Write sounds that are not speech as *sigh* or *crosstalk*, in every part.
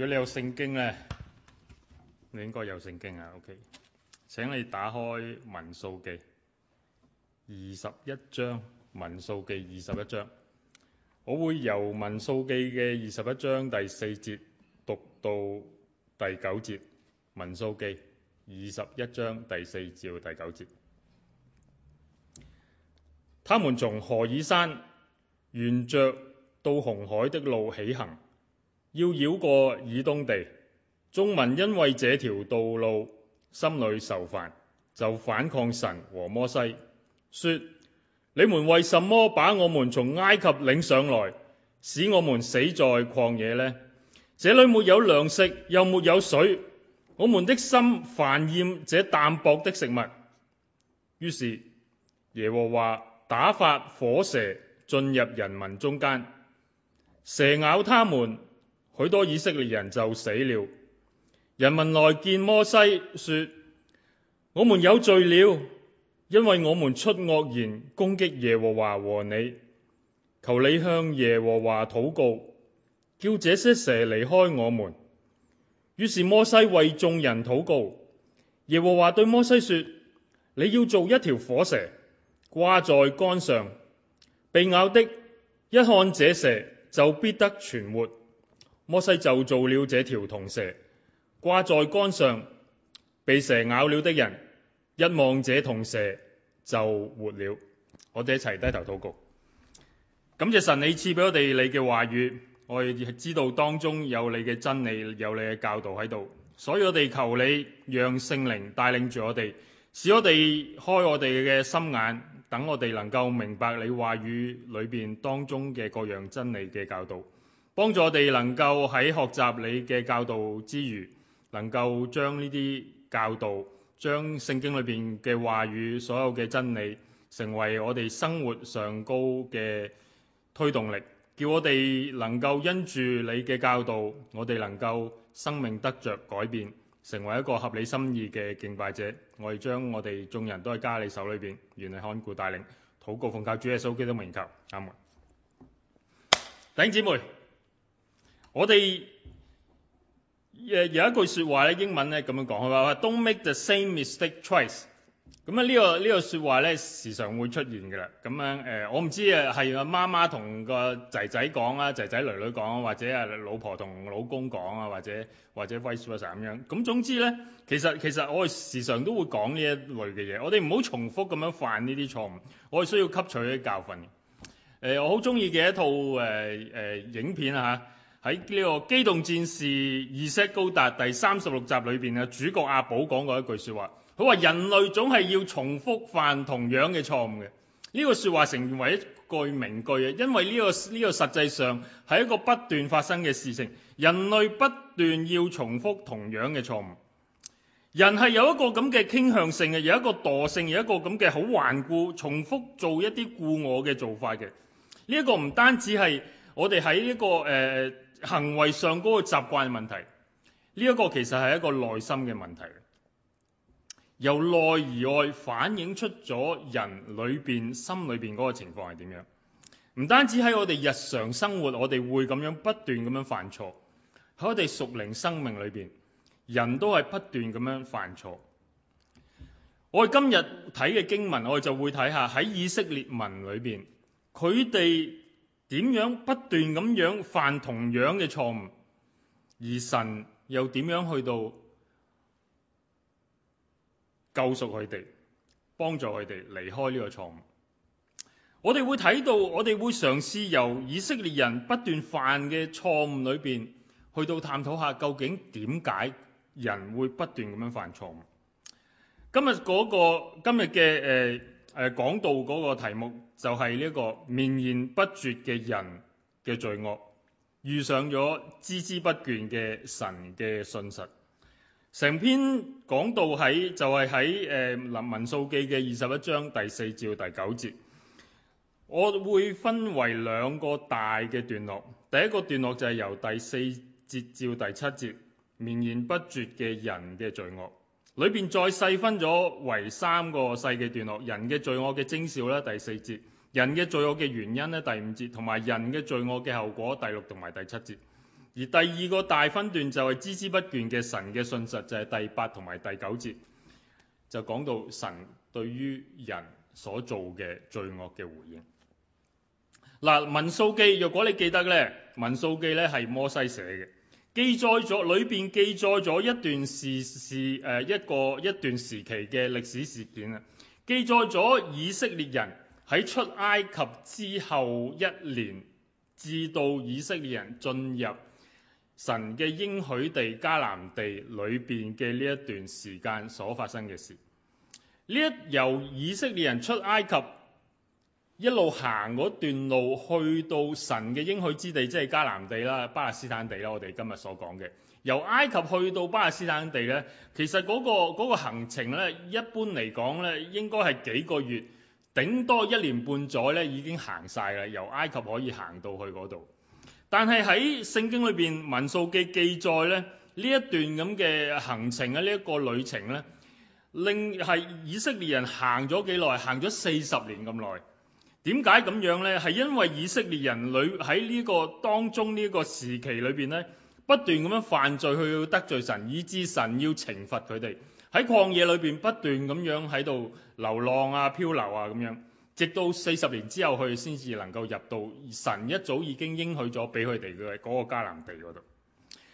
如果你有聖經呢，你應該有聖經啊。OK，請你打開民數記二十一章，民數記二十一章。我會由民數記嘅二十一章第四節讀到第九節，民數記二十一章第四節到第九節。他們從何珥山沿著到紅海的路起行。要繞過以東地，眾民因為這條道路心裏愁煩，就反抗神和摩西，說：你們為什麼把我們從埃及領上來，使我們死在曠野呢？這裏沒有糧食，又沒有水，我們的心煩厭這淡薄的食物。於是耶和華打發火蛇進入人民中間，蛇咬他們。許多以色列人就死了。人民來見摩西，說：我們有罪了，因為我們出惡言攻擊耶和華和你。求你向耶和華禱告，叫這些蛇離開我們。於是摩西為眾人禱告。耶和華對摩西說：你要做一條火蛇，掛在桿上，被咬的一看這蛇，就必得存活。摩西就做了這條銅蛇，掛在杆上，被蛇咬了的人一望這銅蛇就活了。我哋一齊低頭禱告，感謝神，你賜俾我哋你嘅話語，我亦知道當中有你嘅真理，有你嘅教導喺度，所以我哋求你讓聖靈帶領住我哋，使我哋開我哋嘅心眼，等我哋能夠明白你話語裏邊當中嘅各樣真理嘅教導。幫助我哋能夠喺學習你嘅教導之餘，能夠將呢啲教導，將聖經裏邊嘅話語所有嘅真理，成為我哋生活上高嘅推動力，叫我哋能夠因住你嘅教導，我哋能夠生命得着改變，成為一個合你心意嘅敬拜者。我哋將我哋眾人都喺加你手裏邊，願你看顧帶領，禱告奉教主耶穌、SO，基督名求，阿門。頂姊妹。我哋誒有，有一句説話咧，英文咧咁樣講，佢話話：Don't make the same mistake twice。咁、嗯、啊，這個這個、說話呢個呢個説話咧，時常會出現嘅啦。咁樣誒，我唔知啊，係個媽媽同個仔仔講啊，仔仔女女講，或者啊老婆同老公講啊，或者或者 vice versa 咁樣。咁、嗯、總之咧，其實其實我係時常都會講呢一類嘅嘢。我哋唔好重複咁樣犯呢啲錯誤。我係需要吸取啲教訓。誒、呃，我好中意嘅一套誒誒、呃呃、影片啊嚇喺呢個機動戰士 Z 高達第三十六集裏邊啊，主角阿寶講過一句說話，佢話人類總係要重複犯同樣嘅錯誤嘅。呢、這個說話成為一句名句啊，因為呢、這個呢、這個實際上係一個不斷發生嘅事情，人類不斷要重複同樣嘅錯誤。人係有一個咁嘅傾向性嘅，有一個惰性，有一個咁嘅好頑固，重複做一啲故我嘅做法嘅。呢、這、一個唔單止係我哋喺呢個誒。呃行為上嗰個習慣嘅問題，呢、這、一個其實係一個內心嘅問題，由內而外反映出咗人裏邊心裏邊嗰個情況係點樣？唔單止喺我哋日常生活，我哋會咁樣不斷咁樣犯錯；喺我哋屬靈生命裏邊，人都係不斷咁樣犯錯。我哋今日睇嘅經文，我哋就會睇下喺以色列民裏邊，佢哋。點樣不斷咁樣犯同樣嘅錯誤，而神又點樣去到救贖佢哋，幫助佢哋離開呢個錯誤？我哋會睇到，我哋會嘗試由以色列人不斷犯嘅錯誤裏邊，去到探討下究竟點解人會不斷咁樣犯錯誤。今日嗰個今日嘅誒。呃誒、呃、講到嗰個題目就係呢一個綿延不絕嘅人嘅罪惡遇上咗孜孜不倦嘅神嘅信實，成篇講到喺就係喺誒民民數記嘅二十一章第四至第九節，我會分為兩個大嘅段落，第一個段落就係由第四節至第七節，綿延不絕嘅人嘅罪惡。裏邊再細分咗為三個細嘅段落，人嘅罪惡嘅徵兆咧第四節，人嘅罪惡嘅原因咧第五節，同埋人嘅罪惡嘅後果第六同埋第七節。而第二個大分段就係孜孜不倦嘅神嘅信實，就係、是、第八同埋第九節，就講到神對於人所做嘅罪惡嘅回應。嗱，民數記若果你記得咧，民數記咧係摩西寫嘅。記載咗裏邊記載咗一段時事誒，呃、一個一段時期嘅歷史事件啊，記載咗以色列人喺出埃及之後一年，至到以色列人進入神嘅應許地迦南地裏邊嘅呢一段時間所發生嘅事。呢一由以色列人出埃及，一路行嗰段路去到神嘅應許之地，即係迦南地啦、巴勒斯坦地啦。我哋今日所講嘅由埃及去到巴勒斯坦地呢，其實嗰、嗰個嗰個行程呢，一般嚟講呢，應該係幾個月，頂多一年半載咧已經行晒啦。由埃及可以行到去嗰度，但係喺聖經裏邊民數記記載呢，呢一段咁嘅行程啊，呢、呢、一個旅程呢，令係以色列人行咗幾耐？行咗四十年咁耐。點解咁樣呢？係因為以色列人裏喺呢個當中呢個時期裏邊呢，不斷咁樣犯罪去得罪神，以致神要懲罰佢哋。喺曠野裏邊不斷咁樣喺度流浪啊、漂流啊咁樣，直到四十年之後佢先至能夠入到神一早已經應許咗俾佢哋嘅嗰個迦南地嗰度。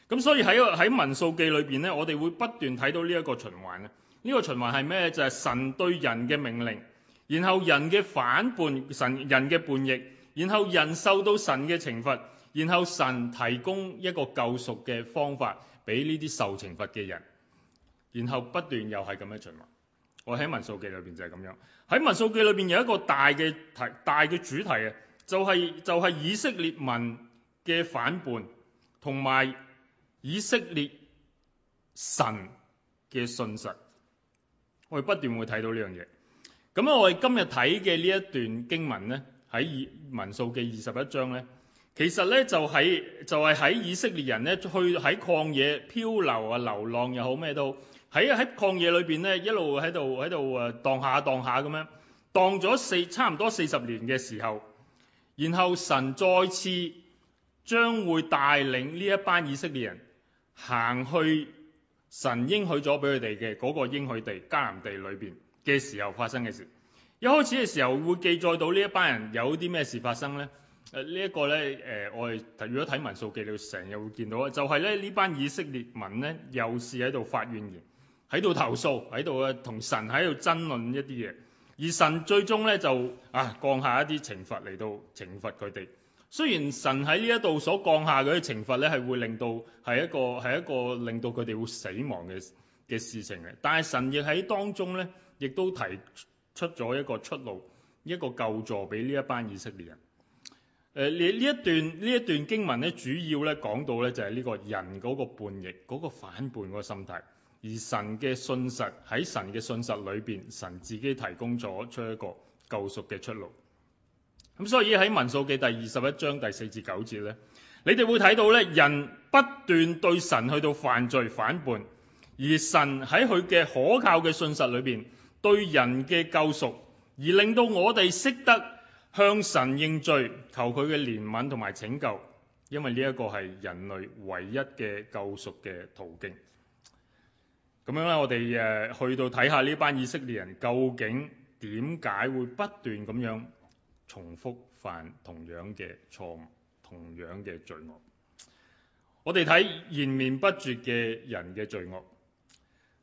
咁所以喺喺民數記裏邊呢，我哋會不斷睇到呢一個循環啊！呢個循環係咩？就係神對人嘅命令。然後人嘅反叛，神人嘅叛逆，然後人受到神嘅懲罰，然後神提供一個救贖嘅方法俾呢啲受懲罰嘅人，然後不斷又係咁樣循環。我喺民數記裏邊就係咁樣，喺民數記裏邊有一個大嘅題大嘅主題啊，就係、是、就係、是、以色列民嘅反叛，同埋以色列神嘅信實，我哋不斷會睇到呢樣嘢。咁我哋今日睇嘅呢一段經文咧，喺《以民數記》二十一章咧，其實咧就喺就係喺以色列人咧去喺曠野漂流啊、流浪又好，咩都喺喺曠野裏邊咧一路喺度喺度啊蕩下蕩下咁樣蕩咗四差唔多四十年嘅時候，然後神再次將會帶領呢一班以色列人行去神應許咗俾佢哋嘅嗰個應許地迦南地裏邊。嘅時候發生嘅事，一開始嘅時候會記載到呢一班人有啲咩事發生呢？誒呢一個呢，誒、呃，我哋如果睇民數記，你成日會見到啊，就係、是、咧呢班以色列民呢，又是喺度發怨言，喺度投訴，喺度啊同神喺度爭論一啲嘢，而神最終呢就啊降下一啲懲罰嚟到懲罰佢哋。雖然神喺呢一度所降下嗰啲懲罰呢，係會令到係一個係一個令到佢哋會死亡嘅嘅事情嘅，但係神亦喺當中呢，亦都提出咗一個出路，一個救助俾呢一班以色列人。誒、呃，你呢一段呢一段經文咧，主要咧講到咧就係、是、呢個人嗰個叛逆、嗰、那個反叛嗰個心態，而神嘅信實喺神嘅信實裏邊，神自己提供咗出一個救贖嘅出路。咁所以喺民數記第二十一章第四至九節咧，你哋會睇到咧，人不斷對神去到犯罪反叛，而神喺佢嘅可靠嘅信實裏邊。對人嘅救贖，而令到我哋識得向神認罪，求佢嘅憐憫同埋拯救。因為呢一個係人類唯一嘅救贖嘅途徑。咁樣咧，我哋誒去到睇下呢班以色列人究竟點解會不斷咁樣重複犯同樣嘅錯誤、同樣嘅罪惡。我哋睇延綿不絕嘅人嘅罪惡。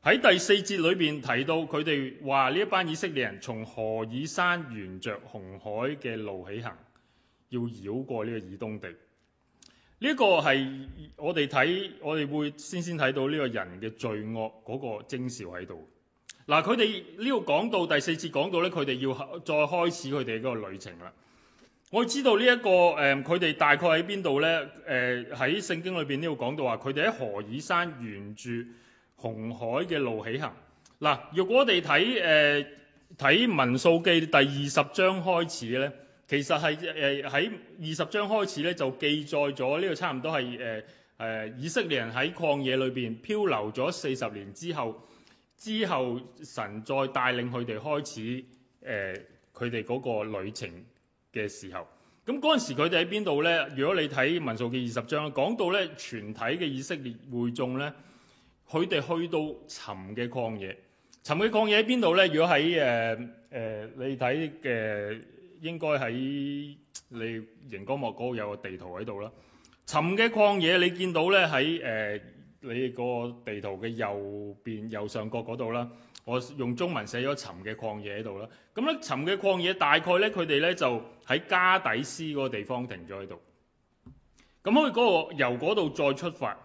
喺第四節裏邊提到，佢哋話呢一班以色列人從何珥山沿着紅海嘅路起行，要繞過呢個以東地。呢、這、一個係我哋睇，我哋會先先睇到呢個人嘅罪惡嗰、那個徵兆喺度。嗱、啊，佢哋呢度講到第四節講到呢，佢哋要再開始佢哋嗰個旅程啦。我知道呢、這、一個誒，佢、呃、哋大概喺邊度呢？誒、呃，喺聖經裏邊呢度講到話，佢哋喺何珥山沿住。紅海嘅路起行。嗱，若果我哋睇誒睇民數記第二十章開始咧，其實係誒喺二十章開始咧就記載咗呢、這個差唔多係誒誒以色列人喺曠野裏邊漂流咗四十年之後，之後神再帶領佢哋開始誒佢哋嗰個旅程嘅時候，咁嗰陣時佢哋喺邊度咧？如果你睇民數記二十章，講到咧全體嘅以色列會眾咧，佢哋去到尋嘅曠野，尋嘅曠野喺邊度咧？如果喺誒誒，你睇嘅、呃、應該喺你熒光幕嗰個有個地圖喺度啦。尋嘅曠野你見到咧，喺誒你個地圖嘅右邊右上角嗰度啦。我用中文寫咗尋嘅曠野喺度啦。咁咧，尋嘅曠野大概咧，佢哋咧就喺加底斯嗰個地方停咗喺度。咁可以嗰個由嗰度再出發。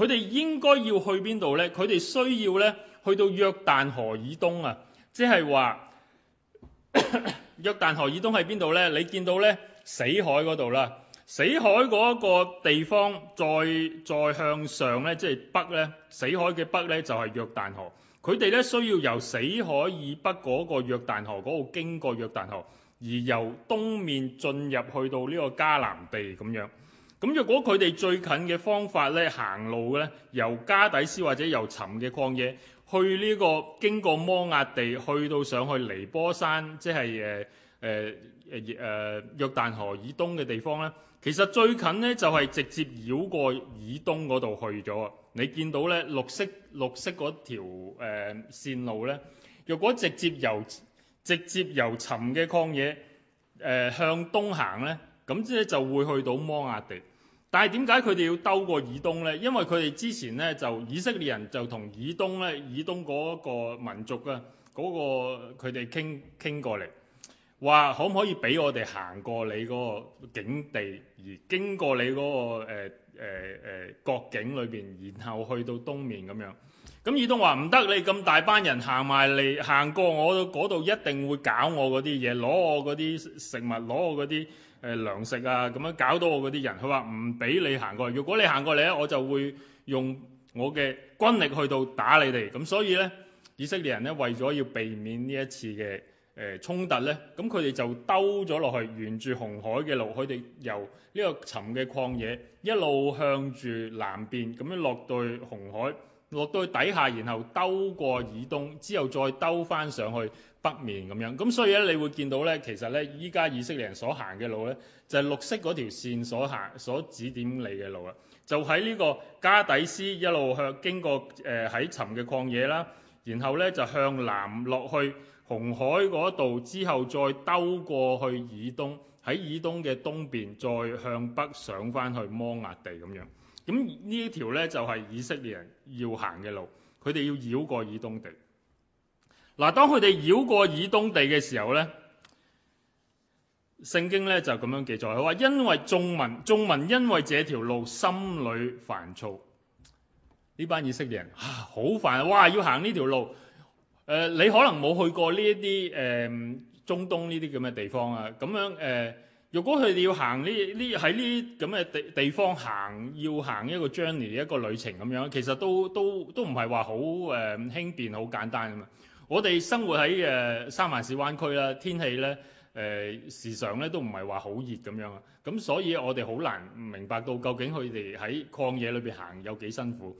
佢哋應該要去邊度呢？佢哋需要呢去到約旦河以東啊！即係話約旦河以東喺邊度呢？你見到呢死海嗰度啦，死海嗰個地方再再向上呢，即係北呢。死海嘅北呢，就係約旦河。佢哋呢需要由死海以北嗰個約旦河嗰度經過約旦河，而由東面進入去到呢個迦南地咁樣。咁若果佢哋最近嘅方法咧，行路咧，由加底斯或者由沉嘅曠野去呢、這個經過摩押地去到上去尼波山，即係誒誒誒誒約旦河以東嘅地方咧。其實最近咧就係、是、直接繞過以東嗰度去咗。你見到咧綠色綠色嗰條誒線路咧，若果直接由直接由沉嘅曠野誒、呃、向東行咧，咁即係就會去到摩押地。但係點解佢哋要兜過以東呢？因為佢哋之前呢，就以色列人就同以東呢，以東嗰個民族啊，嗰個佢哋傾傾過嚟，話可唔可以俾我哋行過你嗰個境地，而經過你嗰個誒誒誒國境裏邊，然後去到東面咁樣。咁以東話唔得，你咁大班人行埋嚟，行過我度一定會搞我嗰啲嘢，攞我嗰啲食物，攞我嗰啲。誒、呃、糧食啊，咁樣搞到我嗰啲人，佢話唔俾你行過嚟，如果你行過嚟咧，我就會用我嘅軍力去到打你哋。咁所以咧，以色列人咧為咗要避免呢一次嘅誒衝突咧，咁佢哋就兜咗落去沿住紅海嘅路，佢哋由呢個沉嘅曠野一路向住南邊咁樣落到紅海。落到去底下，然後兜過以東，之後再兜翻上去北面咁樣。咁所以咧，你會見到咧，其實咧，依家以色列人所行嘅路咧，就係綠色嗰條線所行、所指點你嘅路啦。就喺呢個加底斯一路向經過誒喺尋嘅曠野啦，然後咧就向南落去紅海嗰度，之後再兜過去以東，喺以東嘅東邊再向北上翻去摩押地咁樣。咁呢條咧就係、是、以色列人要行嘅路，佢哋要繞過以東地。嗱、啊，當佢哋繞過以東地嘅時候咧，聖經咧就咁樣記載，佢話因為眾民，眾民因為這條路心裏煩躁。呢班以色列人啊，好煩！哇，要行呢條路。誒、呃，你可能冇去過呢一啲誒中東呢啲咁嘅地方啊，咁樣誒。呃如果佢哋要行呢呢喺呢咁嘅地地方行，要行一個 journey 一個旅程咁樣，其實都都都唔係話好誒輕便、好簡單嘛。我哋生活喺誒、呃、三環市灣區啦，天氣咧誒、呃、時常咧都唔係話好熱咁樣啊。咁所以我哋好難明白到究竟佢哋喺曠野裏邊行有幾辛苦。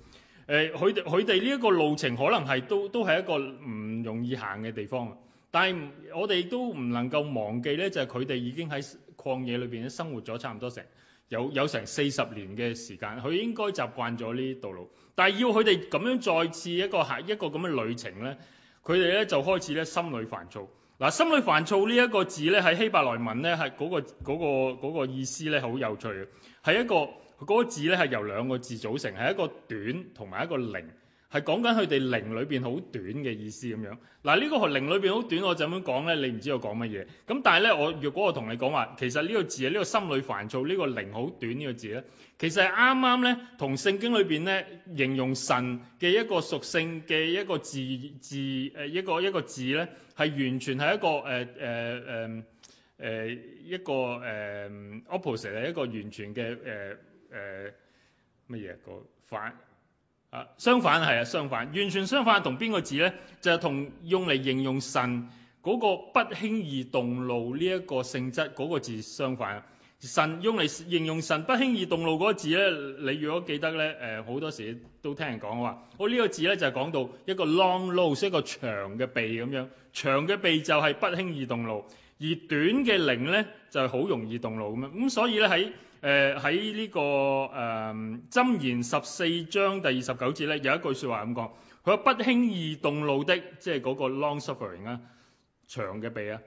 誒、呃，佢哋佢哋呢一個路程可能係都都係一個唔容易行嘅地方啊。但係我哋都唔能夠忘記咧，就係佢哋已經喺曠野裏邊咧生活咗差唔多成有有成四十年嘅時間，佢應該習慣咗呢啲道路，但係要佢哋咁樣再次一個嚇一個咁嘅旅程咧，佢哋咧就開始咧心裏煩躁。嗱、啊，心裏煩躁呢一個字咧，喺希伯來文咧係嗰個嗰、那個嗰、嗰個意思咧，好有趣嘅，係一個嗰、嗰個字咧係由兩個字組成，係一個短同埋一個靈。係講緊佢哋靈裏邊好短嘅意思咁樣。嗱、這、呢個靈裏邊好短，我就咁講咧，你唔知我講乜嘢。咁但係咧，我若果我同你講話，其實呢個字係呢、這個心裏煩躁，呢、這個靈好短呢個字咧，其實係啱啱咧同聖經裏邊咧形容神嘅一個屬性嘅一個字字誒、呃、一個一個字咧，係完全係一個誒誒誒誒一個誒、呃、opposite 係一個完全嘅誒誒乜嘢個反。啊，相反係啊，相反，完全相反，同邊個字呢？就係、是、同用嚟形容神嗰個不輕易動怒呢一個性質嗰、那個字相反。神用嚟形容神不輕易動怒嗰個字呢，你如果記得呢，誒、呃、好多時都聽人講話，我呢、這個字呢，就係、是、講到一個 long nose 一個長嘅鼻咁樣，長嘅鼻就係不輕易動怒，而短嘅零呢，就係、是、好容易動怒咁樣。咁、嗯、所以呢，喺誒喺呢個誒箴、呃、言十四章第二十九節咧，有一句説話咁講，佢話不輕易動怒的，即係嗰個 long suffering 啊，長嘅鼻啊，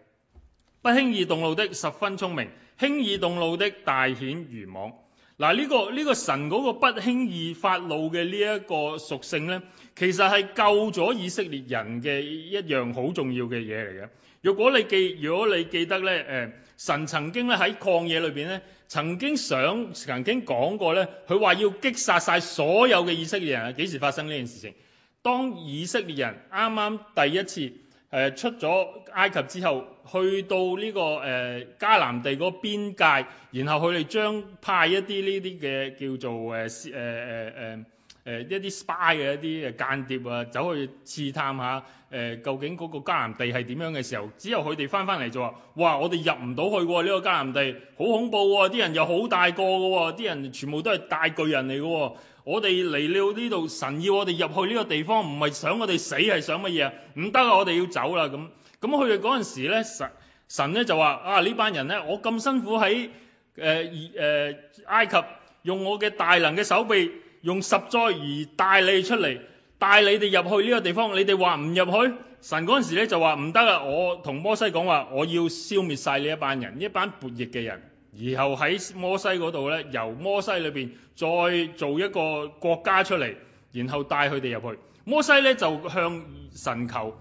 不輕易動怒的十分聰明，輕易動怒的大顯愚妄。嗱、呃、呢、呢個呢、呢個神嗰個不輕易發怒嘅呢一個屬性咧，其實係救咗以色列人嘅一樣好重要嘅嘢嚟嘅。如果你記，若果你記得咧，誒、呃。神曾經咧喺曠野裏邊咧，曾經想曾經講過咧，佢話要擊殺晒所有嘅以色列人。幾時發生呢件事情？當以色列人啱啱第一次誒出咗埃及之後，去到呢、這個誒迦、呃、南地嗰邊界，然後佢哋將派一啲呢啲嘅叫做誒誒誒誒。呃呃呃誒、呃、一啲 spy 嘅一啲誒間諜啊，走去刺探下誒、呃、究竟嗰個迦南地係點樣嘅時候，只有佢哋返返嚟就話：哇！我哋入唔到去㗎，呢、呢個迦南地好恐怖喎，啲人又好大個㗎，啲人全部都係大巨人嚟㗎，我哋嚟到呢度，神要我哋入去呢個地方，唔係想我哋死係想乜嘢啊？唔得啊，我哋要走啦咁。咁佢哋嗰陣時咧，神神咧就話：啊呢班人咧，我咁辛苦喺誒誒埃及用我嘅大能嘅手臂。用十災而帶你哋出嚟，帶你哋入去呢個地方。你哋話唔入去，神嗰陣時咧就話唔得啦。我同摩西講話，我要消滅晒呢一班人，一班叛逆嘅人，然後喺摩西嗰度咧，由摩西裏邊再做一個國家出嚟，然後帶佢哋入去。摩西咧就向神求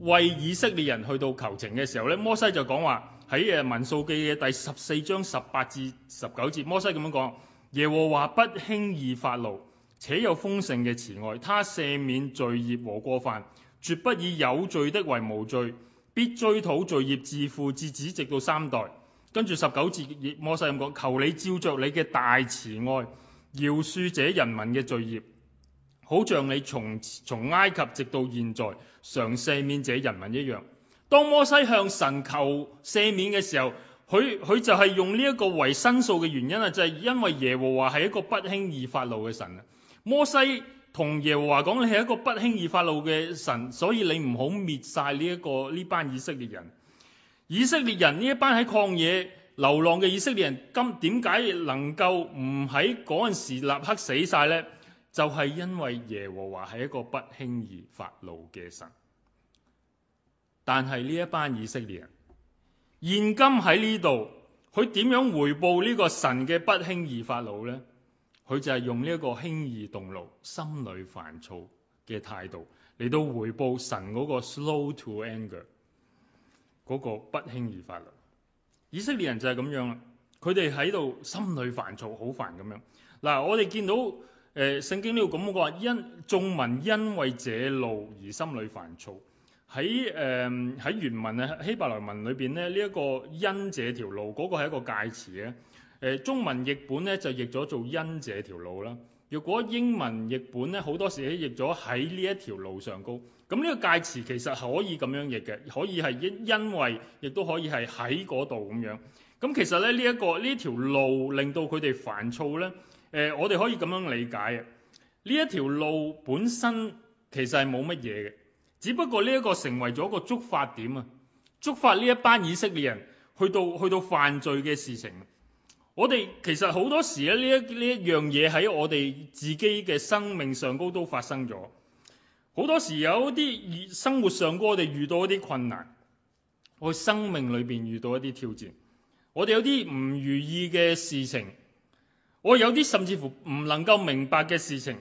為以色列人去到求情嘅時候咧，摩西就講話喺誒民數記嘅第十四章十八至十九節，摩西咁樣講。耶和華不輕易發怒，且有豐盛嘅慈愛，他赦免罪孽和過犯，絕不以有罪的為無罪，必追討罪孽，自父至子，直到三代。跟住十九節，摩西又講：求你照着你嘅大慈愛，饒恕這人民嘅罪孽，好像你從從埃及直到現在，常赦免這人民一樣。當摩西向神求赦免嘅時候，佢佢就係用呢一個維生素嘅原因啊，就係、是、因為耶和華係一個不輕易發怒嘅神啊。摩西同耶和華講：你係一個不輕易發怒嘅神，所以你唔好滅晒呢一個呢班以色列人。以色列人呢一班喺曠野流浪嘅以色列人，今點解能夠唔喺嗰陣時立刻死晒呢？就係、是、因為耶和華係一個不輕易發怒嘅神。但係呢一班以色列人。現今喺呢度，佢點樣回報呢個神嘅不輕易發怒呢？佢就係用呢一個輕易動怒，心裏煩躁嘅態度嚟到回報神嗰個 slow to anger 嗰個不輕易發怒。以色列人就係咁樣啦，佢哋喺度心裏煩躁，好煩咁樣。嗱，我哋見到誒聖、呃、經呢度咁講話，因眾民因為這路而心裏煩躁。喺誒喺原文咧，希伯來文裏邊咧，呢一個、呃、呢因這條路嗰個係一個介詞嘅。誒中文譯本咧就譯咗做因這條路啦。如果英文譯本咧，好多時係譯咗喺呢一條路上高。咁呢個介詞其實可以咁樣譯嘅，可以係因因為，亦都可以係喺嗰度咁樣。咁其實咧呢一，這個呢條路令到佢哋煩躁咧誒，呃，我哋可以咁樣理解啊。呢一條路本身其實係冇乜嘢嘅。只不過呢一個成為咗一個觸發點啊，觸發呢一班以色列人去到去到犯罪嘅事情。我哋其實好多時咧，呢一呢一樣嘢喺我哋自己嘅生命上高都發生咗。好多時有啲生活上高我哋遇到一啲困難，我生命裏邊遇到一啲挑戰，我哋有啲唔如意嘅事情，我有啲甚至乎唔能夠明白嘅事情，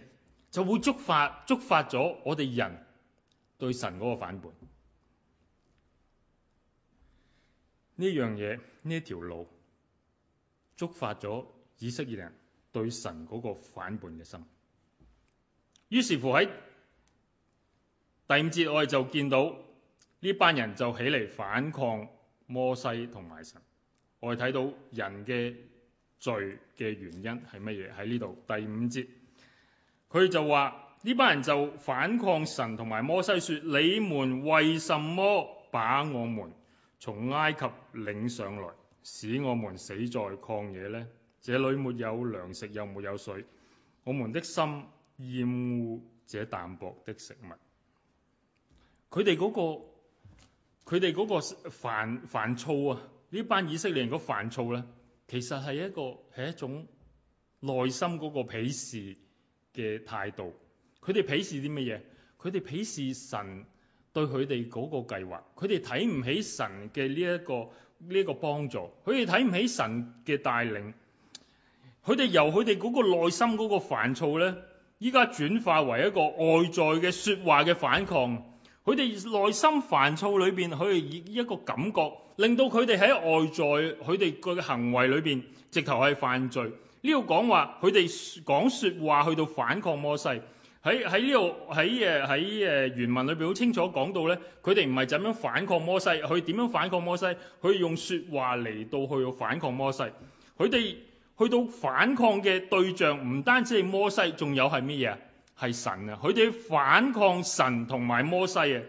就會觸發觸發咗我哋人，對神嗰個反叛，呢樣嘢，呢條路，觸發咗以色列人對神嗰個反叛嘅心。於是乎喺第五節我哋就見到呢班人就起嚟反抗摩西同埋神。我哋睇到人嘅罪嘅原因係乜嘢？喺呢度第五節，佢就話：呢班人就反抗神同埋摩西，說：你們為什麼把我們從埃及領上來，使我們死在曠野呢？這裡沒有糧食，又沒有水，我們的心厭惡這淡薄的食物。佢哋嗰個，佢哋嗰個煩煩躁啊！呢班以色列人嗰煩躁咧，其實係一個係一種內心嗰個鄙視嘅態度。佢哋鄙視啲乜嘢？佢哋鄙視神對佢哋嗰個計劃，佢哋睇唔起神嘅呢一個呢個幫助，佢哋睇唔起神嘅帶領。佢哋由佢哋嗰個內心嗰個煩躁呢，依家轉化為一個外在嘅說話嘅反抗。佢哋內心煩躁裏邊，佢哋以一個感覺，令到佢哋喺外在佢哋個行為裏邊，直頭係犯罪。呢個講話，佢哋講說話去到反抗摩西。喺喺呢度喺誒喺誒原文裏邊好清楚講到咧，佢哋唔係就咁反抗摩西，佢點樣反抗摩西？佢用説話嚟到去反抗摩西。佢哋去到反抗嘅對象唔單止係摩西，仲有係乜嘢啊？係神啊！佢哋反抗神同埋摩西啊！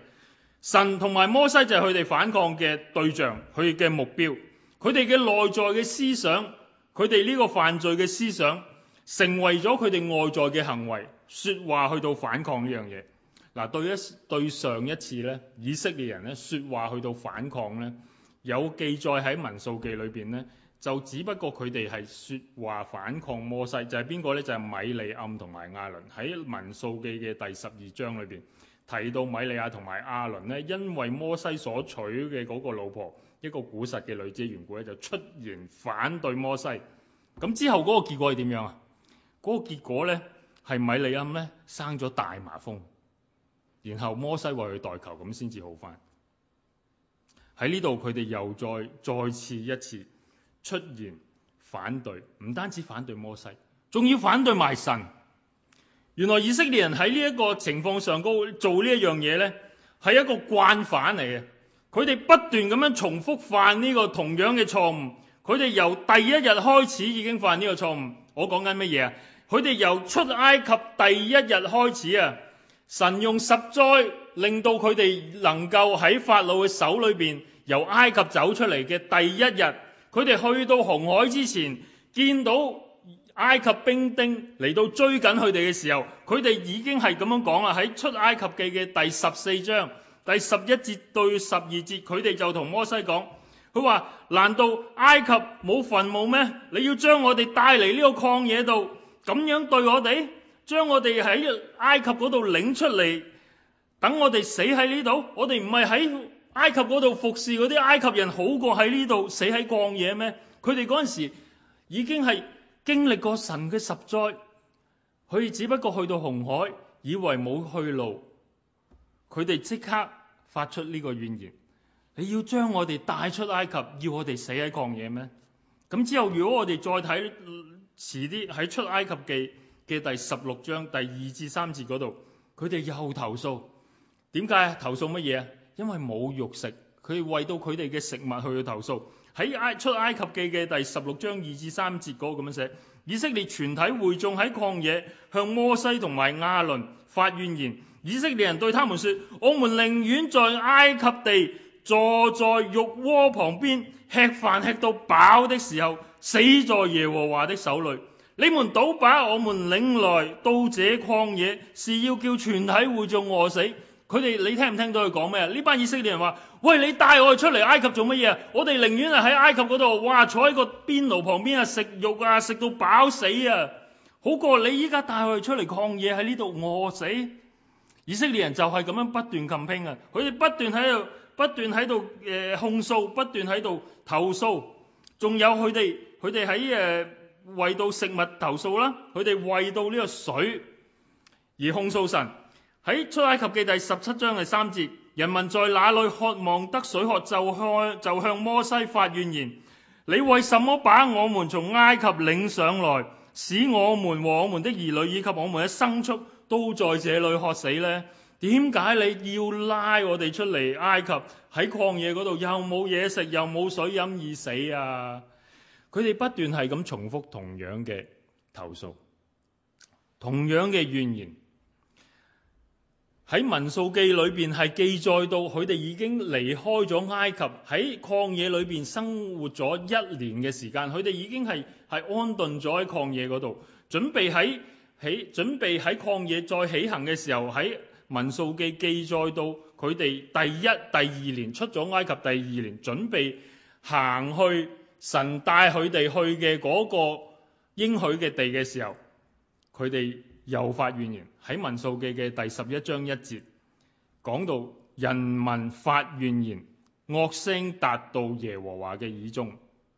神同埋摩西就係佢哋反抗嘅對象，佢嘅目標。佢哋嘅內在嘅思想，佢哋呢個犯罪嘅思想，成為咗佢哋外在嘅行為。說話，、啊、話去到反抗呢樣嘢嗱，對一對上一次咧，以色列人咧，說話去到反抗咧，有記載喺民數記裏邊咧，就只不過佢哋係說話反抗摩西，就係邊個咧？就係、是、米利暗同埋亞倫喺民數記嘅第十二章裏邊提到米利亞同埋亞倫咧，因為摩西所娶嘅嗰個老婆一個古實嘅女子嘅緣故咧，就出言反對摩西。咁之後嗰個結果係點樣啊？嗰、那個結果咧？係米利暗咧生咗大麻風，然後摩西為佢代求，咁先至好返。喺呢度佢哋又再再次一次出現反對，唔單止反對摩西，仲要反對埋神。原來以色列人喺呢一個情況上高做呢一樣嘢咧，係一個慣犯嚟嘅。佢哋不斷咁樣重複犯呢個同樣嘅錯誤。佢哋由第一日開始已經犯呢個錯誤。我講緊乜嘢啊？佢哋由出埃及第一日開始啊，神用十災令到佢哋能夠喺法老嘅手裏邊由埃及走出嚟嘅第一日，佢哋去到紅海之前，見到埃及兵丁嚟到追緊佢哋嘅時候，佢哋已經係咁樣講啦、啊。喺出埃及記嘅第十四章第十一節到十二節，佢哋就同摩西講，佢話：難道埃及冇墳墓咩？你要將我哋帶嚟呢個曠野度？咁樣對我哋，將我哋喺埃及嗰度領出嚟，等我哋死喺呢度。我哋唔係喺埃及嗰度服侍嗰啲埃及人，好過喺呢度死喺曠野咩？佢哋嗰陣時已經係經歷過神嘅十災，佢哋只不過去到紅海，以為冇去路，佢哋即刻發出呢個怨言：你要將我哋帶出埃及，要我哋死喺曠野咩？咁之後，如果我哋再睇。遲啲喺出埃及記嘅第十六章第二至三節嗰度，佢哋又投訴點解啊？投訴乜嘢啊？因為冇肉食，佢哋為到佢哋嘅食物去投訴。喺出埃及記嘅第十六章二至三節嗰度咁樣寫，以色列全體會眾喺曠野向摩西同埋亞倫發怨言，以色列人對他們說：我們寧願在埃及地。坐在肉鍋旁邊吃飯吃到飽的時候，死在耶和華的手裏。你們倒把我們領來到這曠野，是要叫全體會眾餓死。佢哋，你聽唔聽到佢講咩啊？呢班以色列人話：喂，你帶我哋出嚟埃及做乜嘢啊？我哋寧願啊喺埃及嗰度，哇，坐喺個邊爐旁邊啊，食肉啊，食到飽死啊，好過你依家帶我哋出嚟曠野喺呢度餓死。以色列人就係咁樣不斷咁拼啊，佢哋不斷喺度。不斷喺度誒控訴，不斷喺度投訴，仲有佢哋佢哋喺誒為到食物投訴啦，佢哋為到呢個水而控訴神。喺出埃及記第十七章第三節，人民在哪裡渴望得水喝，就向就向摩西發怨言：你為什麼把我們從埃及領上來，使我們和我們的兒女以及我們的牲畜都在這裡渴死呢？點解你要拉我哋出嚟埃及，喺曠野嗰度又冇嘢食，又冇水飲，要死啊！佢哋不斷係咁重複同樣嘅投訴，同樣嘅怨言。喺民數記裏邊係記載到，佢哋已經離開咗埃及，喺曠野裏邊生活咗一年嘅時間，佢哋已經係係安頓咗喺曠野嗰度，準備喺起準備喺曠野再起行嘅時候喺。民數記記載到佢哋第一、第二年出咗埃及，第二年準備行去神帶佢哋去嘅嗰個應許嘅地嘅時候，佢哋又發怨言，言。喺民數記嘅第十一章一節講到，人民發怨言，言，惡聲達到耶和華嘅耳中，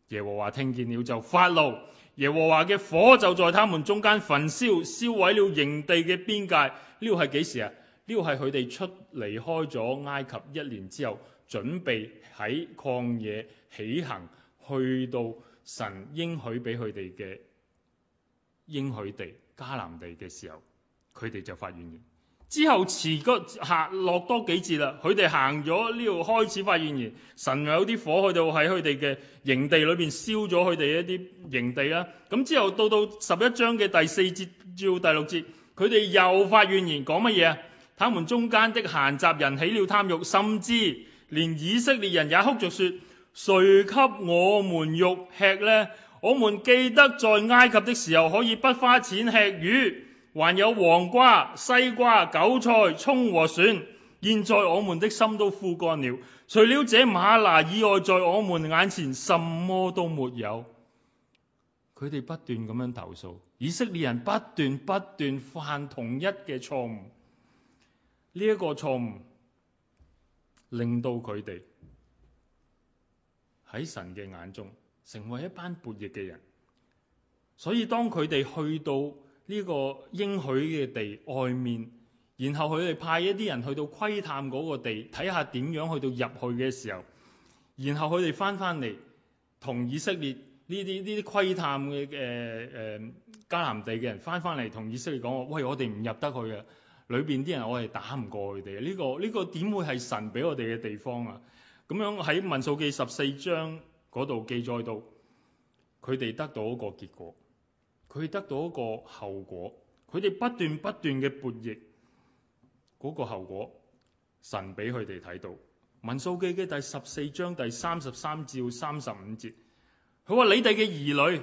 耶和華聽見了就發怒，耶和華嘅火就在他們中間焚燒，燒毀了營地嘅邊界。呢個係幾時啊？呢個係佢哋出離開咗埃及一年之後，準備喺曠野起行去到神應許俾佢哋嘅應許地迦南地嘅時候，佢哋就發怨言。之後遲個下落多幾節啦，佢哋行咗呢度開始發怨言。神有啲火去到喺佢哋嘅營地裏邊燒咗佢哋一啲營地啦。咁之後到到十一章嘅第四節至第六節，佢哋又發怨言，講乜嘢啊？他們中間的閒雜人起了貪慾，甚至連以色列人也哭着說：誰給我們肉吃呢？我們記得在埃及的時候可以不花錢吃魚，還有黃瓜、西瓜、韭菜、蔥和蒜。現在我們的心都枯乾了，除了這嗎哪以外，在我們眼前什麼都沒有。佢哋不斷咁樣投訴，以色列人不斷不斷犯同一嘅錯誤。呢一個錯誤令到佢哋喺神嘅眼中成為一班叛逆嘅人，所以當佢哋去到呢個應許嘅地外面，然後佢哋派一啲人去到窺探嗰個地，睇下點樣去到入去嘅時候，然後佢哋翻翻嚟同以色列呢啲呢啲窺探嘅誒誒迦南地嘅人翻翻嚟同以色列講話，喂，我哋唔入得去呀。裏邊啲人我係打唔過佢哋，呢個呢個點會係神俾我哋嘅地方啊？咁樣喺民數記十四章嗰度記載到，佢哋得到一個結果，佢得到一個後果，佢哋不斷不斷嘅叛逆嗰個後果，神俾佢哋睇到。民數記嘅第十四章第三十三至三十五節，佢話：你哋嘅兒女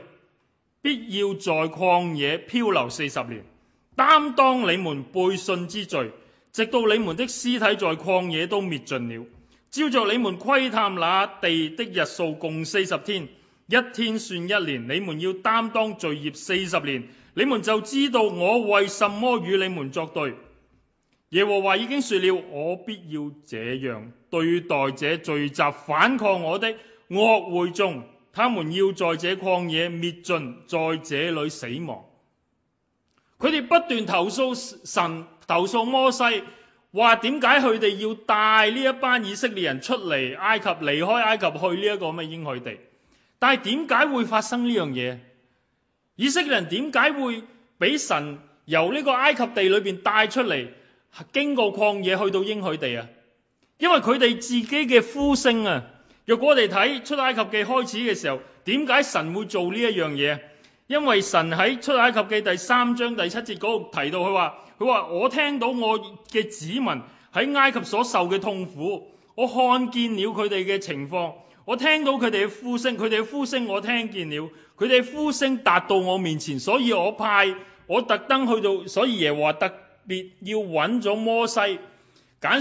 必要在曠野漂流四十年。擔當你們背信之罪，直到你們的屍體在曠野都滅盡了。照着你們窺探那地的日數共四十天，一天算一年，你們要擔當罪孽四十年。你們就知道我為什麼與你們作對。耶和華已經說了，我必要這樣對待這聚集反抗我的惡會眾，他們要在這曠野滅盡，在這裏死亡。佢哋不斷投訴神，投訴摩西，話，點解佢哋要帶呢一班以色列人出嚟埃及，離開埃及去呢一個咩應許地？但係點解會發生呢樣嘢？以色列人點解會俾神由呢個埃及地裏邊帶出嚟，經過曠野去到應許地啊？因為佢哋自己嘅呼聲啊！若果我哋睇出埃及記開始嘅時候，點解神會做呢一樣嘢？因為神喺出埃及嘅第三章第七節嗰度提到佢話，佢話我聽到我嘅子民喺埃及所受嘅痛苦，我看見了佢哋嘅情況，我聽到佢哋嘅呼聲，佢哋嘅呼聲我聽見了，佢哋嘅呼聲達到我面前，所以我派我特登去到，所以耶和華特別要揾咗摩西，揀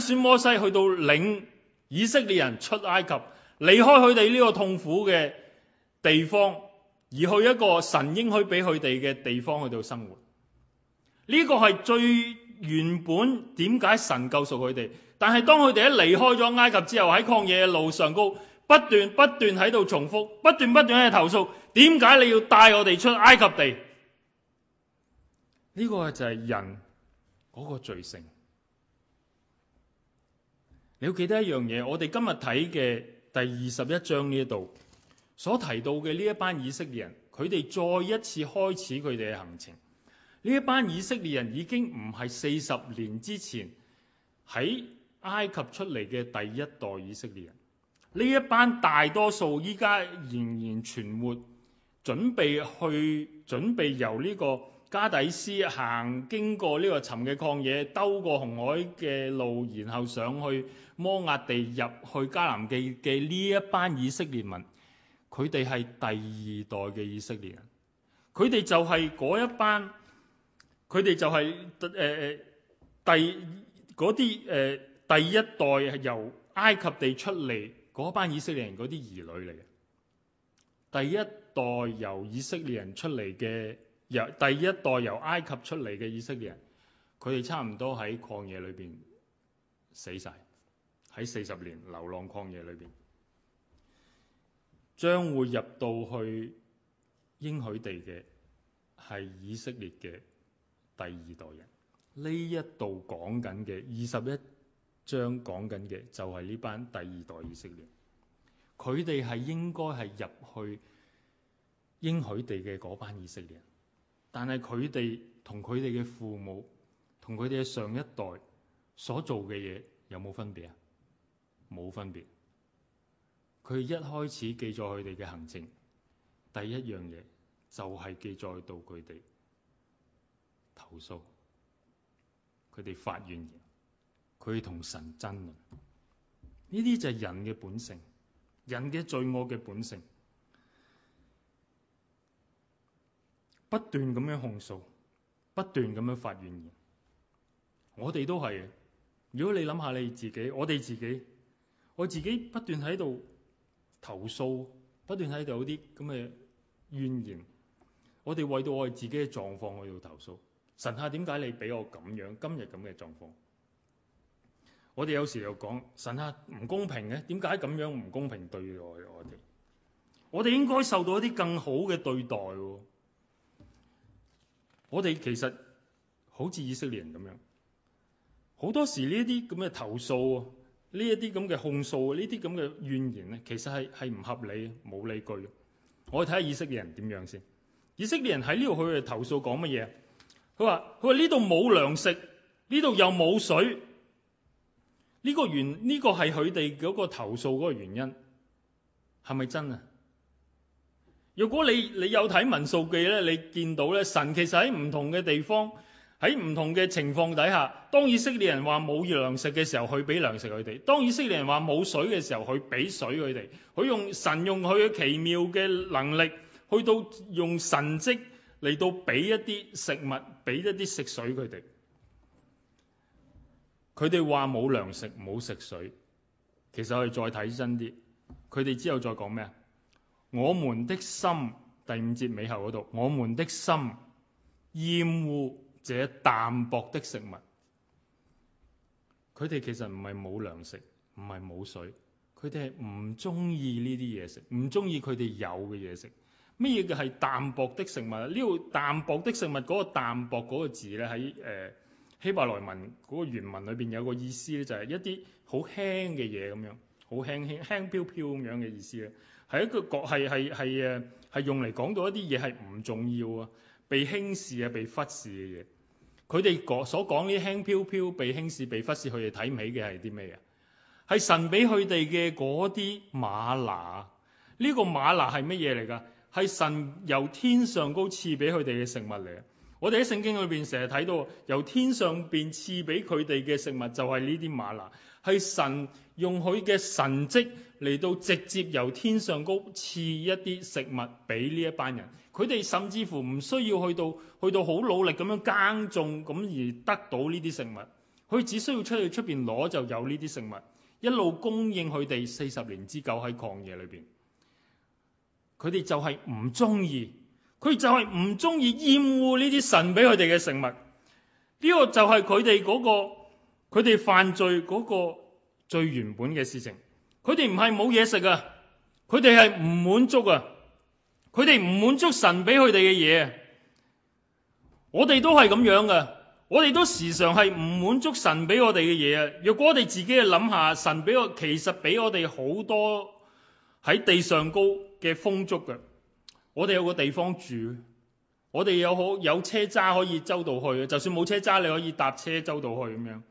選摩西去到領以色列人出埃及，離開佢哋呢個痛苦嘅地方。而去一個神應許俾佢哋嘅地方去度生活，呢個係最原本點解神救贖佢哋？但係當佢哋一離開咗埃及之後，喺曠野嘅路上高不斷不斷喺度重複，不斷不斷喺度投訴：點解你要帶我哋出埃及地？呢個就係人嗰個罪性。你要記得一樣嘢，我哋今日睇嘅第二十一章呢一度，所提到嘅呢一班以色列人，佢哋再一次開始佢哋嘅行程。呢一班以色列人已經唔係四十年之前喺埃及出嚟嘅第一代以色列人。呢一班大多數依家仍然存活，準備去準備由呢個加底斯行經過呢個沉嘅曠野，兜過紅海嘅路，然後上去摩押地入去迦南嘅嘅呢一班以色列民。佢哋係第二代嘅以色列人，佢哋就係嗰一班，佢哋就係誒誒第嗰啲誒第一代係由埃及地出嚟嗰班以色列人嗰啲兒女嚟嘅，第一代由以色列人出嚟嘅，由第一代由埃及出嚟嘅以色列人，佢哋差唔多喺曠野裏邊死晒，喺四十年流浪曠野裏邊。將會入到去應許地嘅係以色列嘅第二代人。呢一度講緊嘅二十一章講緊嘅就係、是、呢班第二代以色列人。佢哋係應該係入去應許地嘅嗰班以色列人，但係佢哋同佢哋嘅父母、同佢哋嘅上一代所做嘅嘢有冇分別啊？冇分別。佢一開始記載佢哋嘅行程，第一樣嘢就係、是、記載到佢哋投訴，佢哋發怨言，佢哋同神爭論，呢啲就係人嘅本性，人嘅罪惡嘅本性，不斷咁樣控訴，不斷咁樣發怨言。我哋都係啊，如果你諗下你自己，我哋自己，我自己不斷喺度投訴不斷喺度有啲咁嘅怨言，我哋為到我哋自己嘅狀況，我要投訴。神啊，點解你俾我咁樣？今日咁嘅狀況，我哋有時又講神啊，唔公平嘅，點解咁樣唔公平對待我哋？我哋應該受到一啲更好嘅對待，哦。我哋其實好似以色列人咁樣，好多時呢啲咁嘅投訴，啊。呢一啲咁嘅控訴，呢啲咁嘅怨言咧，其實係係唔合理，冇理據。我哋睇下以色列人點樣先。以色列人喺呢度去投訴講乜嘢？佢話，佢話呢度冇糧食，呢度又冇水。呢、這個原呢、這個係佢哋嗰個投訴嗰個原因係咪真啊？如果你你有睇民數記咧，你見到咧，神其實喺唔同嘅地方。喺唔同嘅情況底下，當以色列人話冇糧食嘅時候，去俾糧食佢哋；當以色列人話冇水嘅時候，去俾水佢哋。佢用神用佢嘅奇妙嘅能力，去到用神蹟嚟到俾一啲食物，俾一啲食水佢哋。佢哋話冇糧食，冇食水，其實我哋再睇真啲，佢哋之後再講咩？我們的心第五節尾後嗰度，我們的心厭惡。這淡薄的食物，佢哋其實唔係冇糧食，唔係冇水，佢哋係唔中意呢啲嘢食，唔中意佢哋有嘅嘢食。乜嘢叫係淡薄的食物啊？呢、這個淡薄的食物嗰個淡薄嗰個字咧，喺誒、呃、希伯來文嗰個原文裏邊有個意思咧，就係、是、一啲好輕嘅嘢咁樣，好輕輕輕飄飄咁樣嘅意思咧，係一個國係係係誒係用嚟講到一啲嘢係唔重要啊，被輕視啊，被忽視嘅嘢。佢哋講所講啲輕飄飄，被輕視、被忽視，佢哋睇唔起嘅係啲咩啊？係神俾佢哋嘅嗰啲馬哪？呢個馬哪係乜嘢嚟㗎？係神由天上高賜俾佢哋嘅食物嚟。我哋喺聖經裏邊成日睇到，由天上邊賜俾佢哋嘅食物就係呢啲瑪拿，係神用佢嘅神蹟嚟到直接由天上高賜一啲食物俾呢一班人，佢哋甚至乎唔需要去到去到好努力咁樣耕種咁而得到呢啲食物，佢只需要出去出邊攞就有呢啲食物，一路供應佢哋四十年之久喺曠野裏邊，佢哋就係唔中意。佢就係唔中意、厭惡呢啲神俾佢哋嘅食物，呢、這個就係佢哋嗰個佢哋犯罪嗰個最原本嘅事情。佢哋唔係冇嘢食噶，佢哋係唔滿足啊！佢哋唔滿足神俾佢哋嘅嘢。我哋都係咁樣噶，我哋都，都時常係唔滿足神俾我哋嘅嘢啊！若果我哋自己去諗下，神俾我其實俾我哋好多喺地上高嘅豐足嘅。我哋有個地方住，我哋有好有車揸可以周到去嘅，就算冇車揸，你可以搭車周到去咁樣。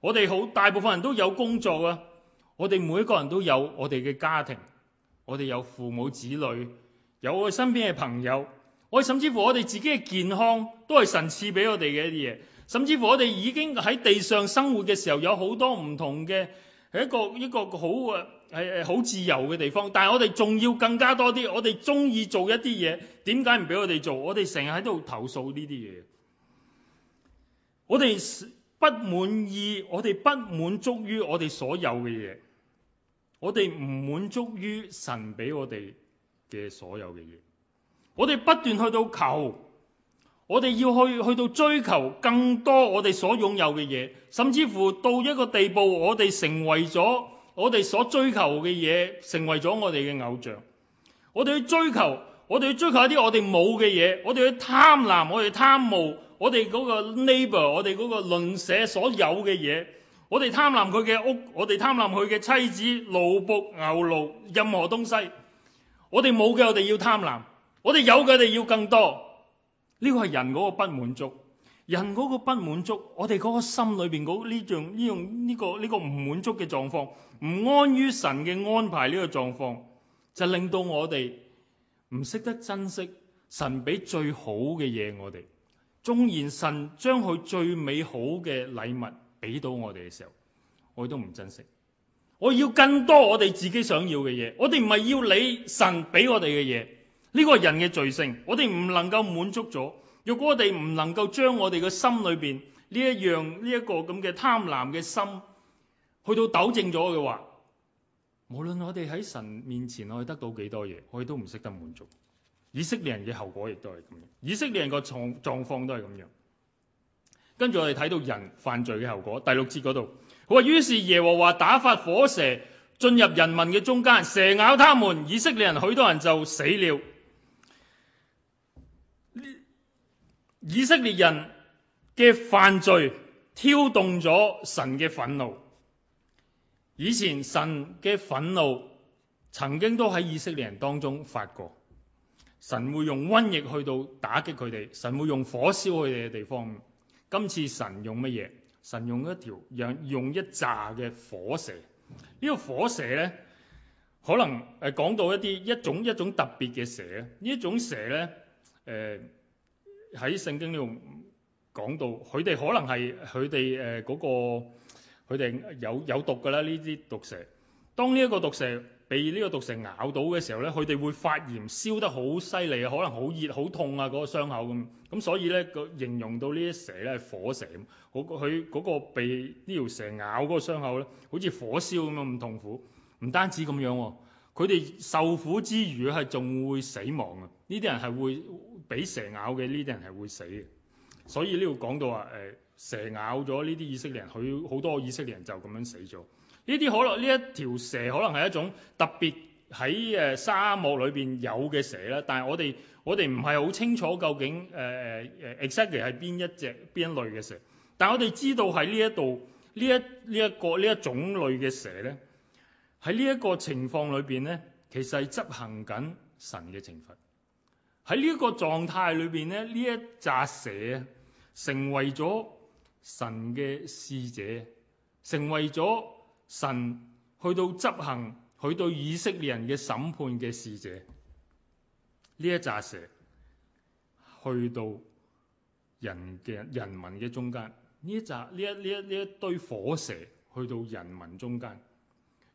我哋好大部分人都有工作啊，我哋每一個人都有我哋嘅家庭，我哋有父母子女，有我哋身邊嘅朋友，我哋甚至乎我哋自己嘅健康都係神賜俾我哋嘅一啲嘢，甚至乎我哋已經喺地上生活嘅時候，有好多唔同嘅，係一個一個好啊，係，係好自由嘅地方。但係我哋仲要更加多啲，我哋鍾意做一啲嘢，點解唔俾我哋做？我哋成日喺度投訴呢啲嘢，我哋不滿意，我哋不滿足於我哋所有嘅嘢，我哋唔滿足於神俾我哋嘅所有嘅嘢，我哋不斷去到求。我哋要去去到追求更多我哋所擁有嘅嘢，甚至乎到一個地步，我哋成為咗我哋所追求嘅嘢，成為咗我哋嘅偶像。我哋去追求，我哋去追求一啲我哋冇嘅嘢。我哋去貪婪，我哋貪慕我哋嗰個 neighbor，我哋嗰個鄰舍所有嘅嘢。我哋貪婪佢嘅屋，我哋貪婪佢嘅妻子、奴、僕、牛、驢，任何東西。我哋冇嘅我哋要貪婪，我哋有嘅我哋要更多。呢個係人嗰個不滿足，人嗰個不滿足，我哋嗰個心裏邊呢樣呢樣呢個呢個唔滿足嘅狀況，唔安於神嘅安排呢個狀況，就令到我哋唔識得珍惜神俾最好嘅嘢我哋。縱然神將佢最美好嘅禮物俾到我哋嘅時候，我哋都唔珍惜。我要更多我哋自己想要嘅嘢，我哋唔係要你神俾我哋嘅嘢。呢個人嘅罪性，我哋唔能夠滿足咗。若果我哋唔能夠將我哋嘅心裏邊呢一樣呢一個咁嘅貪婪嘅心去到糾正咗嘅話，無論我哋喺神面前我哋得到幾多嘢，我哋都唔識得滿足。以色列人嘅後果亦都係咁樣，以色列人個狀狀況都係咁樣。跟住我哋睇到人犯罪嘅後果，第六節嗰度，佢話：於是耶和華打發火蛇進入人民嘅中間，蛇咬他們，以色列人許多人就死了。以色列人嘅犯罪挑動咗神嘅憤怒。以前神嘅憤怒曾經都喺以色列人當中發過，神會用瘟疫去到打擊佢哋，神會用火燒佢哋嘅地方。今次神用乜嘢？神用一條用用一紮嘅火蛇。呢、呢個火蛇呢，可能誒講到一啲一種一種特別嘅蛇咧。呢種蛇呢。誒、呃。喺聖經用講到，佢哋可能係佢哋誒嗰個，佢哋有有毒㗎啦。呢啲毒蛇，當呢一個毒蛇被呢個毒蛇咬到嘅時候咧，佢哋會發炎、燒得好犀利啊，可能好熱、好痛啊，嗰、那個傷口咁。咁所以咧，個形容到呢啲蛇咧係火蛇咁、那個。好佢嗰個被呢條蛇咬嗰個傷口咧，好似火燒咁樣，咁痛苦。唔單止咁樣喎、哦，佢哋受苦之餘係仲會死亡啊！呢啲人係會。俾蛇咬嘅呢啲人係會死嘅，所以呢度講到話誒、呃、蛇咬咗呢啲以色列人，佢好多以色列人就咁樣死咗。呢啲可能呢一條蛇可能係一種特別喺誒沙漠裏邊有嘅蛇啦，但係我哋我哋唔係好清楚究竟誒誒、呃、誒、呃、exactly 係邊一隻邊類嘅蛇，但係我哋知道喺呢一度呢一呢一個呢一種類嘅蛇咧，喺呢一個情況裏邊咧，其實係執行緊神嘅懲罰。喺呢一個狀態裏邊咧，呢一扎蛇成為咗神嘅使者，成為咗神去到執行去到以色列人嘅審判嘅使者。呢一扎蛇去到人嘅人民嘅中間，呢一扎呢一呢一呢一堆火蛇去到人民中間。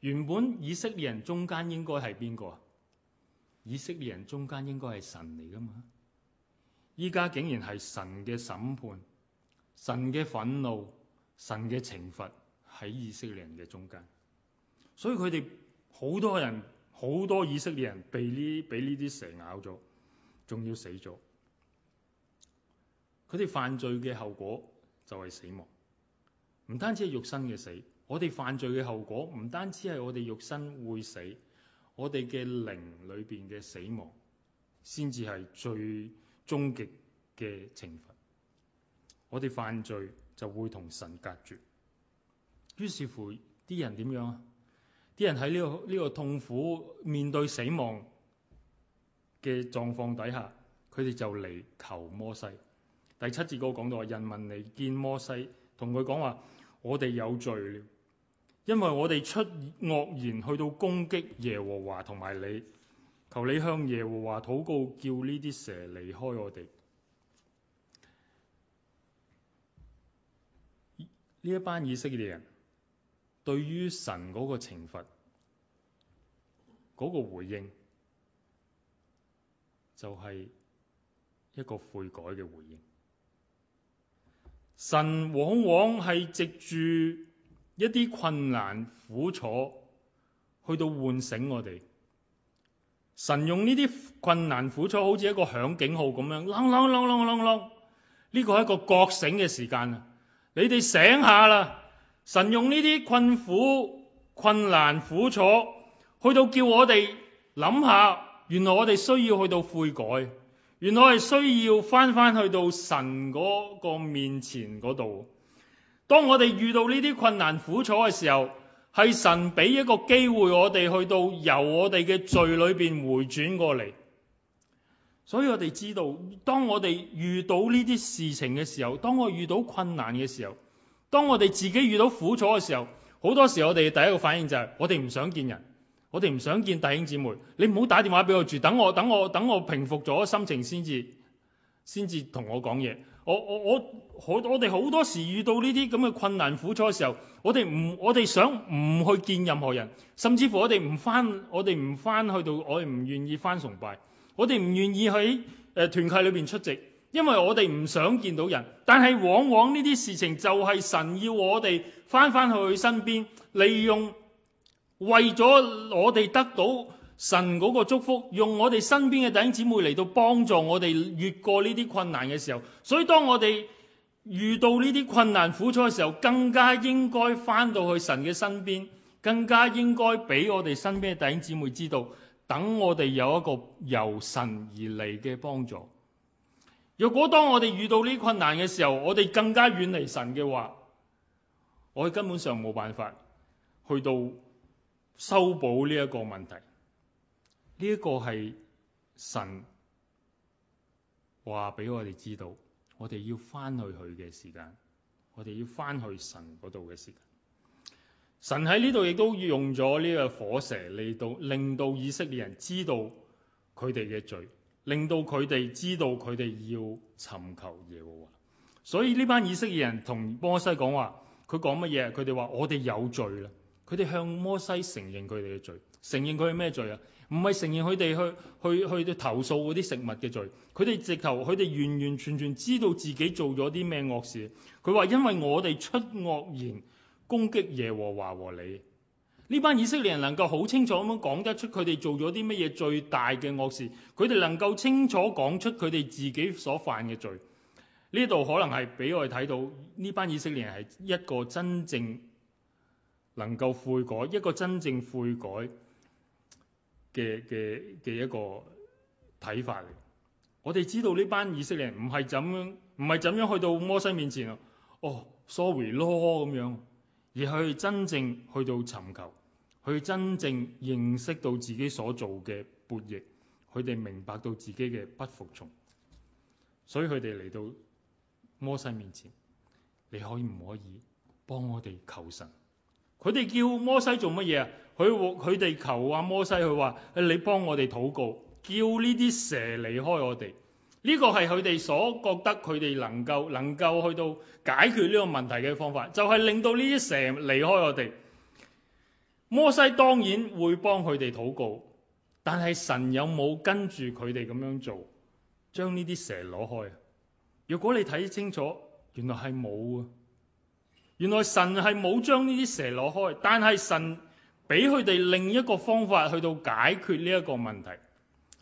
原本以色列人中間應該係邊個啊？以色列人中間應該係神嚟㗎嘛？依家竟然係神嘅審判、神嘅憤怒、神嘅懲罰喺以色列人嘅中間，所以佢哋好多人、好多以色列人被呢、俾呢啲蛇咬咗，仲要死咗。佢哋犯罪嘅後果就係死亡，唔單止係肉身嘅死。我哋犯罪嘅後果唔單止係我哋肉身會死。我哋嘅靈裏邊嘅死亡，先至係最終極嘅懲罰。我哋犯罪就會同神隔絕。於是乎，啲人點樣啊？啲人喺呢、呢個呢、呢個痛苦面對死亡嘅狀況底下，佢哋就嚟求摩西。第七節嗰個講到話，人民嚟見摩西，同佢講話：我哋有罪了。因為我哋出惡言去到攻擊耶和華同埋你，求你向耶和華禱告，叫呢啲蛇離開我哋。呢一班以色列人對於神嗰個懲罰，嗰個回應就係一個悔改嘅回應。神往往係藉住。一啲困難苦楚，去到喚醒我哋。神用呢啲困難苦楚，好似一個響警號咁樣，啷啷啷啷啷啷，呢、這個係一個覺醒嘅時間啊！你哋醒下啦。神用呢啲困苦、困難、苦楚，去到叫我哋諗下，原來我哋需要去到悔改，原來我哋需要翻翻去到神嗰個面前嗰度。當我哋遇到呢啲困難苦楚嘅時候，係神俾一個機會我哋去到由我哋嘅罪裏邊回轉過嚟。所以我哋知道，當我哋遇到呢啲事情嘅時候，當我遇到困難嘅時候，當我哋自己遇到苦楚嘅時候，好多時我哋第一個反應就係：我哋唔想見人，我哋唔想見弟兄姊妹。你唔好打電話俾我住，等我等我等我平復咗心情先至先至同我講嘢。我我我我我哋好多時遇到呢啲咁嘅困難苦楚嘅時候，我哋唔我哋想唔去見任何人，甚至乎我哋唔返我哋唔返去到我哋唔願意返崇拜，我哋唔願意喺誒團契裏邊出席，因為我哋唔想見到人。但係往往呢啲事情就係神要我哋返返去身邊，利用為咗我哋得到神嗰個祝福，用我哋身邊嘅弟兄姊妹嚟到幫助我哋越過呢啲困難嘅時候，所以當我哋遇到呢啲困難苦楚嘅時候，更加應該返到去神嘅身邊，更加應該俾我哋身邊嘅弟兄姊妹知道，等我哋有一個由神而嚟嘅幫助。若果當我哋遇到呢啲困難嘅時候，我哋更加遠離神嘅話，我哋根本上冇辦法去到修補呢一個問題。呢一個係神話俾我哋知道，我哋要翻去佢嘅時間，我哋要翻去神嗰度嘅時間。神喺呢度亦都用咗呢個火蛇嚟到令到以色列人知道佢哋嘅罪，令到佢哋知道佢哋要尋求耶和華。所以呢班以色列人同摩西講話，佢講乜嘢？佢哋話我哋有罪啦。佢哋向摩西承認佢哋嘅罪，承認佢係咩罪啊？唔係承認佢哋去去去投訴嗰啲食物嘅罪，佢哋直頭，佢哋完完全全知道自己做咗啲咩惡事。佢話因為我哋出惡言攻擊耶和華和你，呢班以色列人能夠好清楚咁講得出佢哋做咗啲乜嘢最大嘅惡事，佢哋能夠清楚講出佢哋自己所犯嘅罪。呢度可能係俾我哋睇到，呢班以色列人係一個真正能夠悔改，一個真正悔改。嘅嘅嘅一個睇法嚟，我哋知道呢班以色列人唔係怎樣唔係怎樣去到摩西面前啊，哦，sorry 咯，咁樣而去真正去到尋求，去真正認識到自己所做嘅悖逆，佢哋明白到自己嘅不服從，所以佢哋嚟到摩西面前，你可以唔可以幫我哋求神？佢哋叫摩西做乜嘢啊？佢佢哋求阿摩西，佢話，你幫我哋禱告，叫呢啲蛇離開我哋。呢個係佢哋所覺得佢哋能夠能夠去到解決呢個問題嘅方法，就係令到呢啲蛇離開我哋。摩西當然會幫佢哋禱告，但係神有冇跟住佢哋咁樣做，將呢啲蛇攞開啊？如果你睇清楚，原來係冇啊。原來神係冇將呢啲蛇攞開，但係神俾佢哋另一個方法去到解決呢一個問題。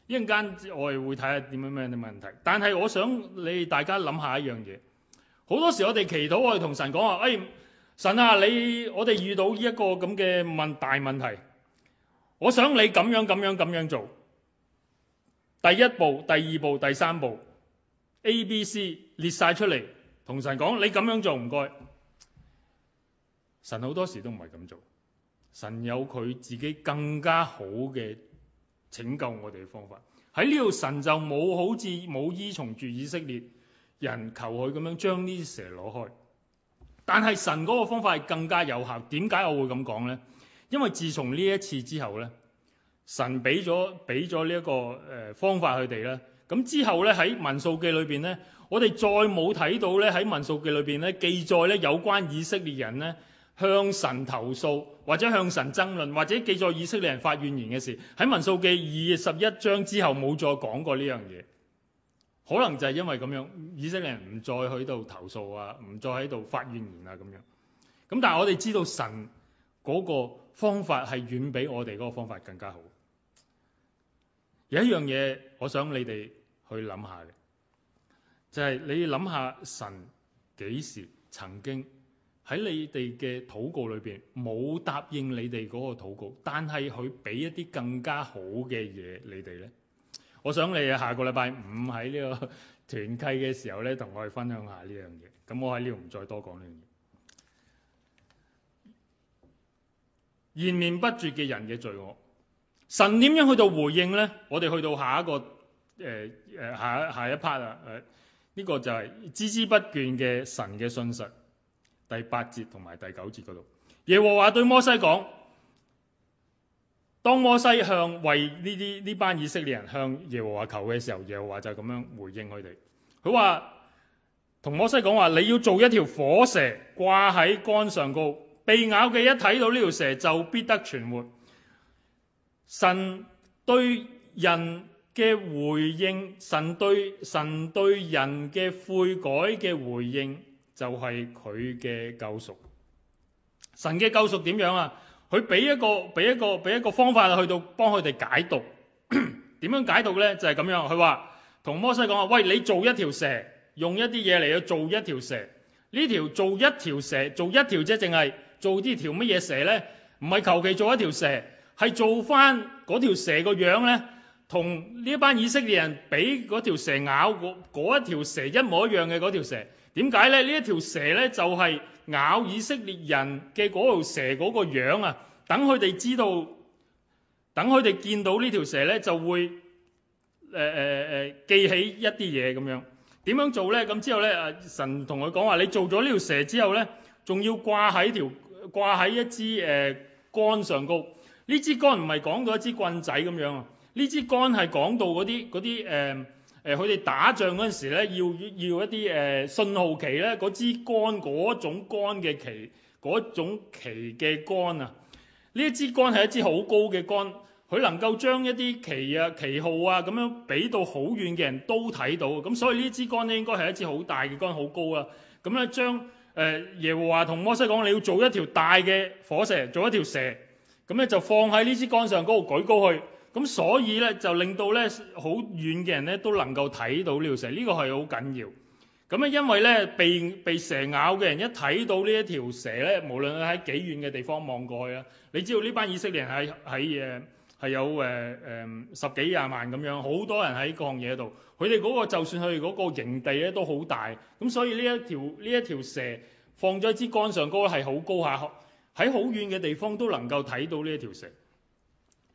一陣間我哋會睇下點樣咩啲問題。但係我想你大家諗下一樣嘢，好多時我哋祈禱，我哋同神講話：哎，神啊，你我哋遇到依一個咁嘅問大問題，我想你咁樣咁樣咁樣做。第一步、第二步、第三步，A、B、C 列晒出嚟，同神講：你咁樣做唔該。神好多時都唔係咁做，神有佢自己更加好嘅拯救我哋嘅方法喺呢度。神就冇好似冇依從住以色列人求佢咁樣將呢啲蛇攞開，但係神嗰個方法係更加有效。點解我會咁講呢？因為自從呢一次之後呢，神俾咗俾咗呢一個誒方法佢哋咧，咁之後呢，喺民數記裏邊呢，我哋再冇睇到呢。喺民數記裏邊呢，記載呢有關以色列人呢。向神投訴或者向神爭論或者記載以色列人發怨言嘅事，喺民數記二十一章之後冇再講過呢樣嘢，可能就係因為咁樣，以色列人唔再去度投訴啊，唔再喺度發怨言啊咁樣。咁但係我哋知道神嗰個方法係遠比我哋嗰個方法更加好。有一樣嘢，我想你哋去諗下嘅，就係、是、你諗下神幾時曾經。喺你哋嘅禱告裏邊，冇答應你哋嗰個禱告，但係佢俾一啲更加好嘅嘢你哋咧。我想你下個禮拜五喺呢個團契嘅時候咧，同我哋分享下呢樣嘢。咁我喺呢度唔再多講呢樣嘢。延綿不絕嘅人嘅罪惡，神點樣去到回應咧？我哋去到下一個誒誒、呃、下下一 part 啊，誒、呃、呢、呢個就係孜孜不倦嘅神嘅信實。第八節同埋第九節嗰度，耶和華對摩西講：當摩西向為呢啲呢班以色列人向耶和華求嘅時候，耶和華就咁樣回應佢哋。佢話同摩西講話，你要做一條火蛇掛喺桿上高，被咬嘅一睇到呢條蛇就必得存活。神對人嘅回應，神對神對人嘅悔改嘅回應。就係佢嘅救贖，神嘅救贖點樣啊？佢俾一個俾一個俾一個方法去到幫佢哋解毒，點 *coughs* 樣解毒呢？就係、是、咁樣，佢話同摩西講話，喂，你做一條蛇，用一啲嘢嚟去做一條蛇。呢條做一條蛇，做一條啫，淨係做啲條乜嘢蛇呢？唔係求其做一條蛇，係做翻嗰條蛇個樣呢。」同呢班以色列人俾嗰條蛇咬嗰嗰一條蛇一模一樣嘅嗰條蛇。點解咧？呢一條蛇咧，就係咬以色列人嘅嗰條蛇嗰個樣啊！等佢哋知道，等佢哋見到條呢條蛇咧，就會誒誒誒記起一啲嘢咁樣。點樣做咧？咁之後咧，神同佢講話：你做咗呢條蛇之後咧，仲要掛喺條掛喺一支誒竿上高。呢支竿唔係講到一支棍仔咁樣啊！呢支竿係講到嗰啲嗰啲誒。誒佢哋打仗嗰陣時咧，要要一啲誒、呃、信號旗咧，嗰支竿嗰種竿嘅旗，嗰種旗嘅竿啊，呢一支竿係一支好高嘅竿，佢能夠將一啲旗啊旗號啊咁樣俾到好遠嘅人都睇到，咁所以呢支竿咧應該係一支好大嘅竿，好高啊。咁咧將誒耶和華同摩西講，你要做一條大嘅火蛇，做一條蛇，咁咧就放喺呢支竿上度舉高去。咁所以咧就令到咧好遠嘅人咧都能夠睇到呢條蛇，呢個係好緊要。咁咧因為咧被被蛇咬嘅人一睇到呢一條蛇咧，無論佢喺幾遠嘅地方望過去啦，你知道呢班以色列人喺喺誒係有誒誒十幾廿萬咁樣，好多人喺嗰項嘢度。佢哋嗰個就算佢哋嗰個營地咧都好大，咁所以呢一條呢一條蛇放咗一支杆上高咧係好高下，喺好遠嘅地方都能夠睇到呢一條蛇。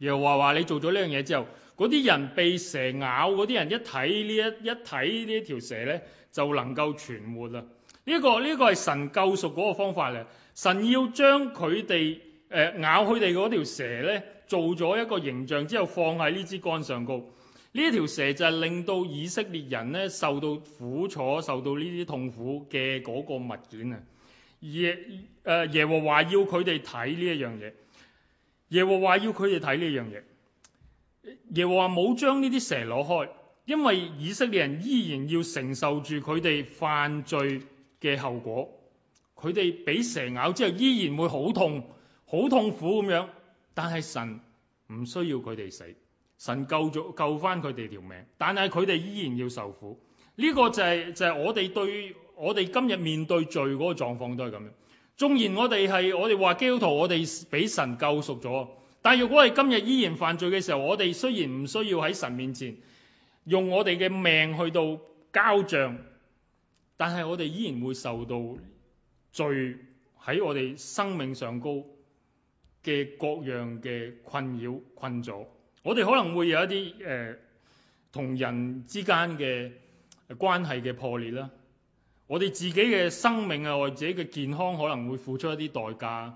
又話話你做咗呢樣嘢之後，嗰啲人被蛇咬，嗰啲人一睇呢一一睇呢條蛇咧就能夠存活啦。呢、這個呢、這個係神救贖嗰個方法嚟，神要將佢哋誒咬佢哋嗰條蛇咧做咗一個形象之後放喺呢支竿上高。呢一條蛇就係令到以色列人咧受到苦楚、受到呢啲痛苦嘅嗰個物件啊。耶誒、呃、耶和華要佢哋睇呢一樣嘢。耶和華要佢哋睇呢樣嘢。耶和華冇將呢啲蛇攞開，因為以色列人依然要承受住佢哋犯罪嘅後果。佢哋俾蛇咬之後，依然會好痛、好痛苦咁樣。但係神唔需要佢哋死，神救咗救翻佢哋條命。但係佢哋依然要受苦。呢個就係就係我哋對我哋今日面對罪嗰個狀況都係咁樣。縱然我哋係我哋話基督徒，我哋俾神救贖咗，但係若果我哋今日依然犯罪嘅時候，我哋雖然唔需要喺神面前用我哋嘅命去到交賬，但係我哋依然會受到罪喺我哋生命上高嘅各樣嘅困擾困阻。我哋可能會有一啲誒、呃、同人之間嘅、呃、關係嘅破裂啦。我哋自己嘅生命啊，或者嘅健康可能會付出一啲代價，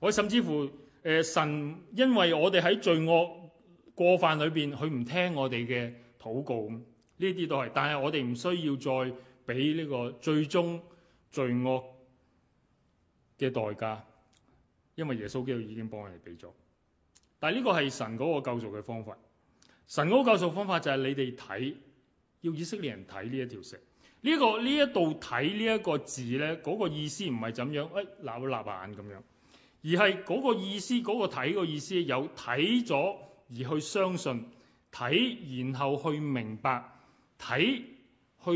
我甚至乎誒、呃、神，因為我哋喺罪惡過犯裏邊，佢唔聽我哋嘅禱告，呢啲都係，但係我哋唔需要再俾呢個最終罪惡嘅代價，因為耶穌基督已經幫我哋俾咗。但係呢個係神嗰個救贖嘅方法。神嗰個救贖方法就係你哋睇，要以色列人睇呢一條。石。呢個呢一度睇呢一個字咧，嗰個意思唔係咁樣，哎，立立眼咁樣，而係嗰個意思，嗰個睇個意思，有睇咗而去相信，睇然後去明白，睇去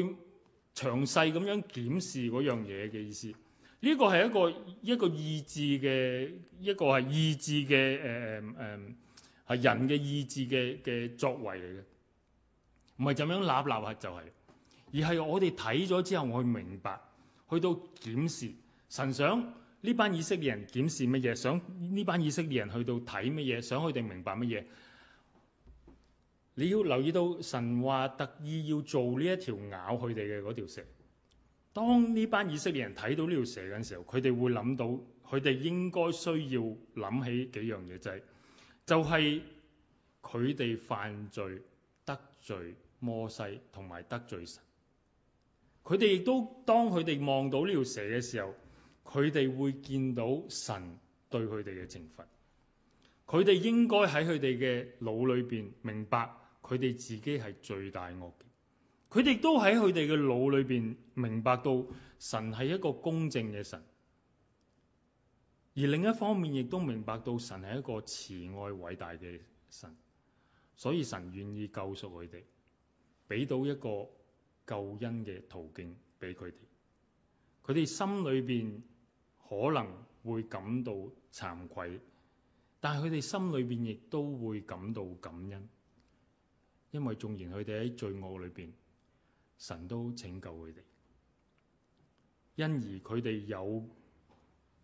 詳細咁樣檢視嗰樣嘢嘅意思。呢個係一個一個意志嘅一個係意志嘅誒誒係人嘅意志嘅嘅作為嚟嘅，唔係就咁樣立立下就係。而係我哋睇咗之後，我明白去到檢視神想呢班以色列人檢視乜嘢，想呢班以色列人去到睇乜嘢，想佢哋明白乜嘢。你要留意到神話特意要做呢一條咬佢哋嘅嗰條蛇。當呢班以色列人睇到呢條蛇嘅時候，佢哋會諗到，佢哋應該需要諗起幾樣嘢，就係就係佢哋犯罪得罪摩西，同埋得罪神。佢哋亦都當佢哋望到呢條蛇嘅時候，佢哋會見到神對佢哋嘅懲罰。佢哋應該喺佢哋嘅腦裏邊明白佢哋自己係罪大惡嘅。佢哋都喺佢哋嘅腦裏邊明白到神係一個公正嘅神，而另一方面亦都明白到神係一個慈愛偉大嘅神。所以神願意救贖佢哋，俾到一個救恩嘅途徑俾佢哋，佢哋心裏邊可能會感到慚愧，但係佢哋心裏邊亦都會感到感恩，因為縱然佢哋喺罪惡裏邊，神都拯救佢哋，因而佢哋有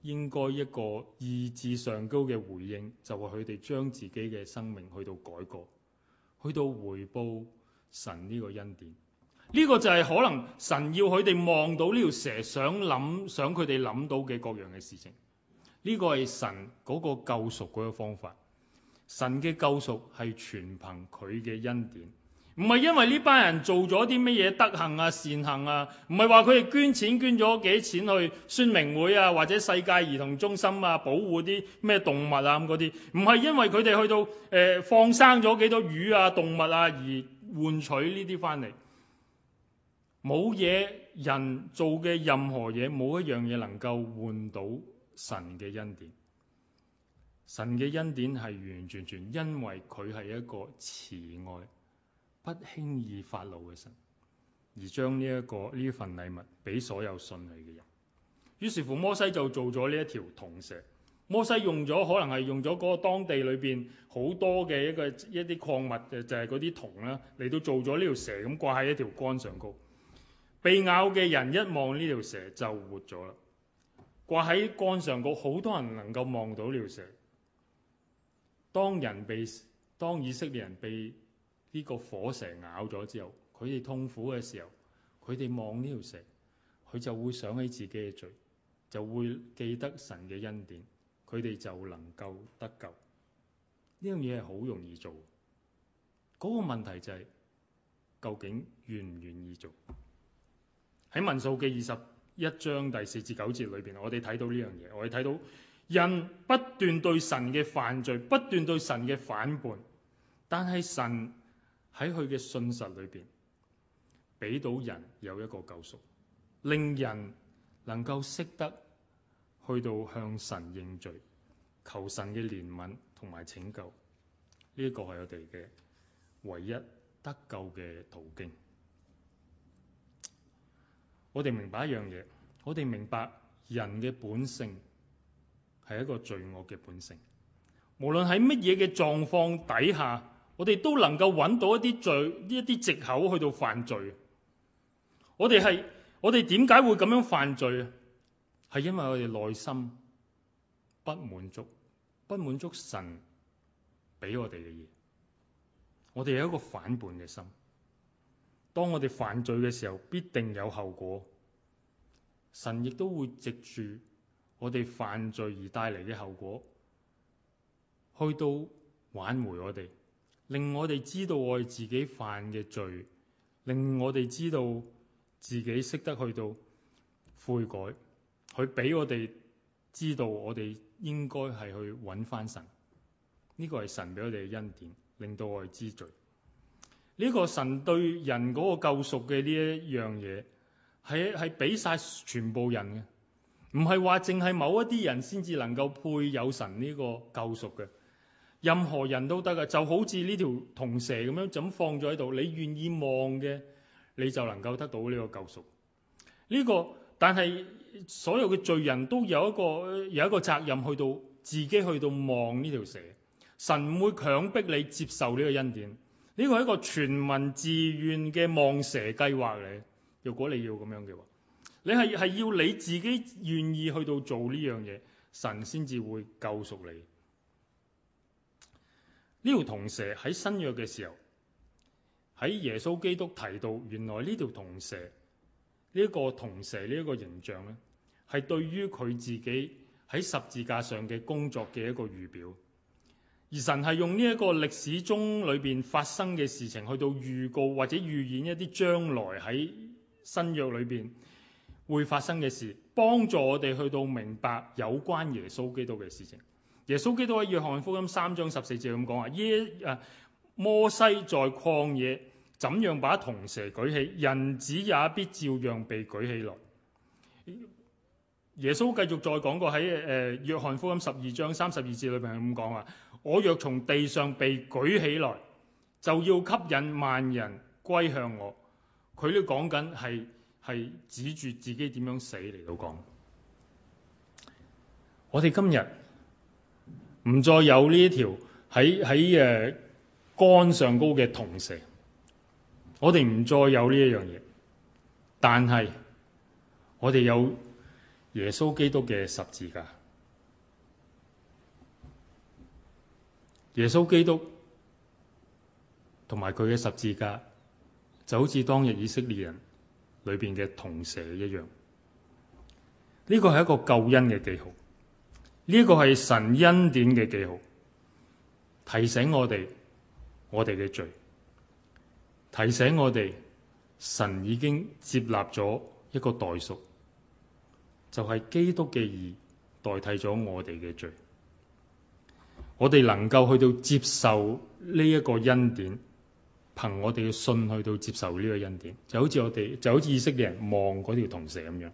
應該一個意志上高嘅回應，就係佢哋將自己嘅生命去到改過，去到回報神呢個恩典。呢個就係可能神要佢哋望到呢條蛇想想，想諗想佢哋諗到嘅各樣嘅事情。呢、這個係神嗰個救贖嗰個方法。神嘅救贖係全憑佢嘅恩典，唔係因為呢班人做咗啲乜嘢德行啊善行啊，唔係話佢哋捐錢捐咗幾多錢去宣明會啊，或者世界兒童中心啊，保護啲咩動物啊咁嗰啲，唔係因為佢哋去到誒、呃、放生咗幾多魚啊動物啊而換取呢啲翻嚟。冇嘢，人做嘅任何嘢冇一樣嘢能夠換到神嘅恩典。神嘅恩典係完完全全因為佢係一個慈愛、不輕易發怒嘅神，而將呢、這、一個呢份禮物俾所有信佢嘅人。於是乎，摩西就做咗呢一條銅蛇。摩西用咗可能係用咗嗰個當地裏邊好多嘅一個一啲礦物，嘅就係嗰啲銅啦，嚟到做咗呢條蛇咁掛喺一條杆上高。被咬嘅人一望呢條蛇就活咗啦，掛喺杆上角，好多人能夠望到呢條蛇。當人被當以色列人被呢個火蛇咬咗之後，佢哋痛苦嘅時候，佢哋望呢條蛇，佢就會想起自己嘅罪，就會記得神嘅恩典，佢哋就能夠得救。呢樣嘢係好容易做，嗰個問題就係究竟願唔願意做？喺民數嘅二十一章第四至九節裏邊，我哋睇到呢樣嘢，我哋睇到人不斷對神嘅犯罪，不斷對神嘅反叛，但係神喺佢嘅信實裏邊，俾到人有一個救贖，令人能夠識得去到向神認罪，求神嘅憐憫同埋拯救，呢一個係我哋嘅唯一得救嘅途徑。我哋明白一樣嘢，我哋明白人嘅本性係一個罪惡嘅本性，無論喺乜嘢嘅狀況底下，我哋都能夠揾到一啲罪，呢一啲藉口去到犯罪。我哋係我哋點解會咁樣犯罪啊？係因為我哋內心不滿足，不滿足神俾我哋嘅嘢，我哋有一個反叛嘅心。當我哋犯罪嘅時候，必定有後果。神亦都會藉住我哋犯罪而帶嚟嘅後果，去到挽回我哋，令我哋知道我哋自己犯嘅罪，令我哋知道自己識得去到悔改，佢俾我哋知道我哋應該係去揾翻神。呢、呢個係神俾我哋嘅恩典，令到我哋知罪。呢個神對人嗰個救贖嘅呢一樣嘢，係係俾晒全部人嘅，唔係話淨係某一啲人先至能夠配有神呢個救贖嘅，任何人都得噶就好似呢條銅蛇咁樣，就咁放咗喺度，你願意望嘅，你就能夠得到呢個救贖。呢個，但係所有嘅罪人都有一個有一個責任，去到自己去到望呢條蛇，神唔會強迫你接受呢個恩典。呢個係一個全民自願嘅望蛇計劃嚟。如果你要咁樣嘅話，你係係要你自己願意去到做呢樣嘢，神先至會救贖你。呢條銅蛇喺新約嘅時候，喺耶穌基督提到，原來呢條銅蛇，呢一個銅蛇呢一個形象咧，係對於佢自己喺十字架上嘅工作嘅一個預表。而神係用呢一個歷史中裏邊發生嘅事情，去到預告或者預演一啲將來喺新約裏邊會發生嘅事，幫助我哋去到明白有關耶穌基督嘅事情。耶穌基督喺約翰福音三章十四節咁講啊，耶啊摩西在曠野怎樣把銅蛇舉起，人子也必照樣被舉起來。耶穌繼續再講過喺誒、約翰福音十二章三十二節裏邊係咁講啊。我若從地上被舉起來，就要吸引萬人歸向我。佢都講緊係係指住自己點樣死嚟到講。我哋今日唔再有呢一條喺喺誒桿上高嘅銅蛇，我哋唔再有呢一樣嘢，但係我哋有耶穌基督嘅十字架。耶穌基督同埋佢嘅十字架，就好似當日以色列人裏邊嘅銅蛇一樣。呢、這個係一個救恩嘅記號，呢、這個係神恩典嘅記號，提醒我哋我哋嘅罪，提醒我哋神已經接納咗一個代贖，就係、是、基督嘅義代替咗我哋嘅罪。我哋能夠去到接受呢一個恩典，憑我哋嘅信去到接受呢個恩典，就好似我哋就好似以色列人望嗰條銅蛇咁樣。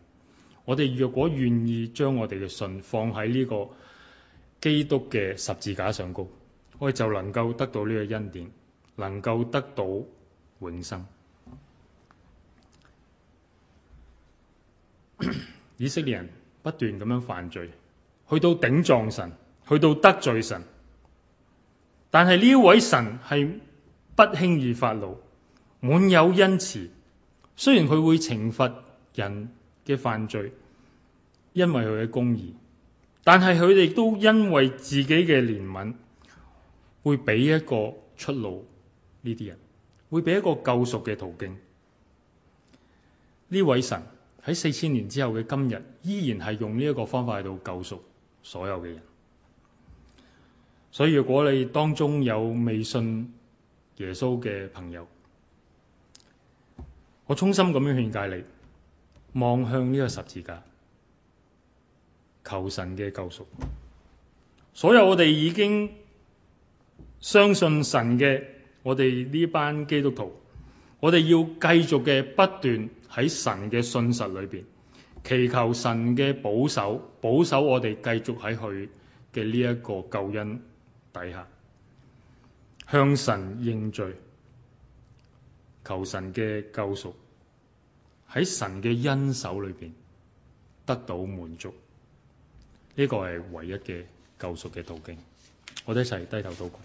我哋若果願意將我哋嘅信放喺呢個基督嘅十字架上高，我哋就能夠得到呢個恩典，能夠得到永生。 *coughs* 以色列人不斷咁樣犯罪，去到頂撞神。去到得罪神，但係呢位神係不輕易發怒，滿有恩慈。雖然佢會懲罰人嘅犯罪，因為佢嘅公義，但係佢哋都因為自己嘅憐憫，會俾一個出路呢啲人，會俾一個救贖嘅途徑。呢位神喺四千年之後嘅今日，依然係用呢一個方法喺度救贖所有嘅人。所以，如果你當中有未信耶穌嘅朋友，我衷心咁樣勸誡你，望向呢個十字架，求神嘅救贖。所有我哋已經相信神嘅，我哋呢班基督徒，我哋要繼續嘅不斷喺神嘅信實裏邊，祈求神嘅保守，保守我哋繼續喺佢嘅呢一個救恩。底下向神認罪，求神嘅救贖喺神嘅恩手裏邊得到滿足，呢、這個係唯一嘅救贖嘅途徑。我哋一齊低頭禱告，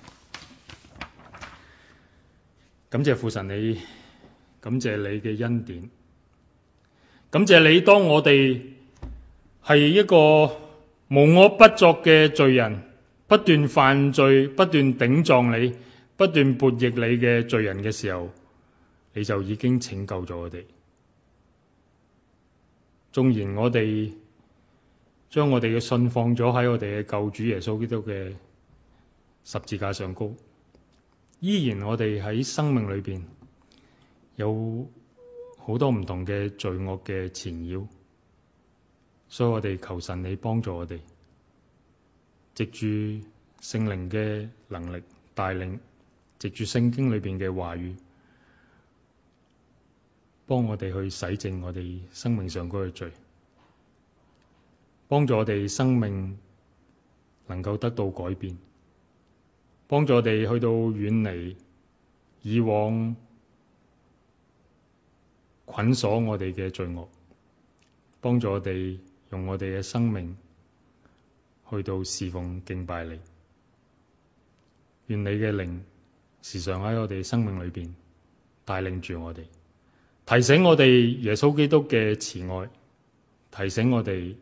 感謝父神你，感謝你嘅恩典，感謝你當我哋係一個無惡不作嘅罪人，不斷犯罪、不斷頂撞你、不斷悖逆你嘅罪人嘅時候，你就已經拯救咗我哋。縱然我哋將我哋嘅信放咗喺我哋嘅救主耶穌基督嘅十字架上高，依然我哋喺生命裏邊有好多唔同嘅罪惡嘅纏繞，所以我哋求神你幫助我哋。藉住聖靈嘅能力帶領，藉住聖經裏邊嘅話語，幫我哋去洗淨我哋生命上嗰個罪，幫助我哋生命能夠得到改變，幫助我哋去到遠離以往捆鎖我哋嘅罪惡，幫助我哋用我哋嘅生命，去到侍奉敬拜你，願你嘅靈時常喺我哋生命裏邊帶領住我哋，提醒我哋耶穌基督嘅慈愛，提醒我哋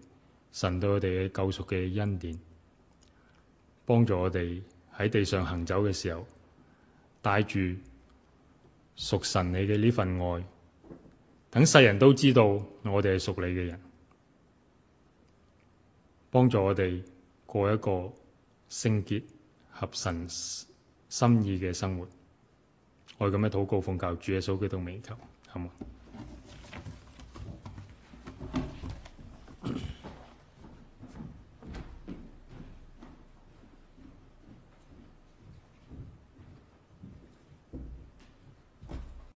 神對我哋嘅救贖嘅恩典，幫助我哋喺地上行走嘅時候帶住屬神你嘅呢份愛，等世人都知道我哋係屬你嘅人，幫助我哋。過一個聖潔合神心意嘅生活，我係咁樣禱告，奉救主耶穌基督名求，好冇？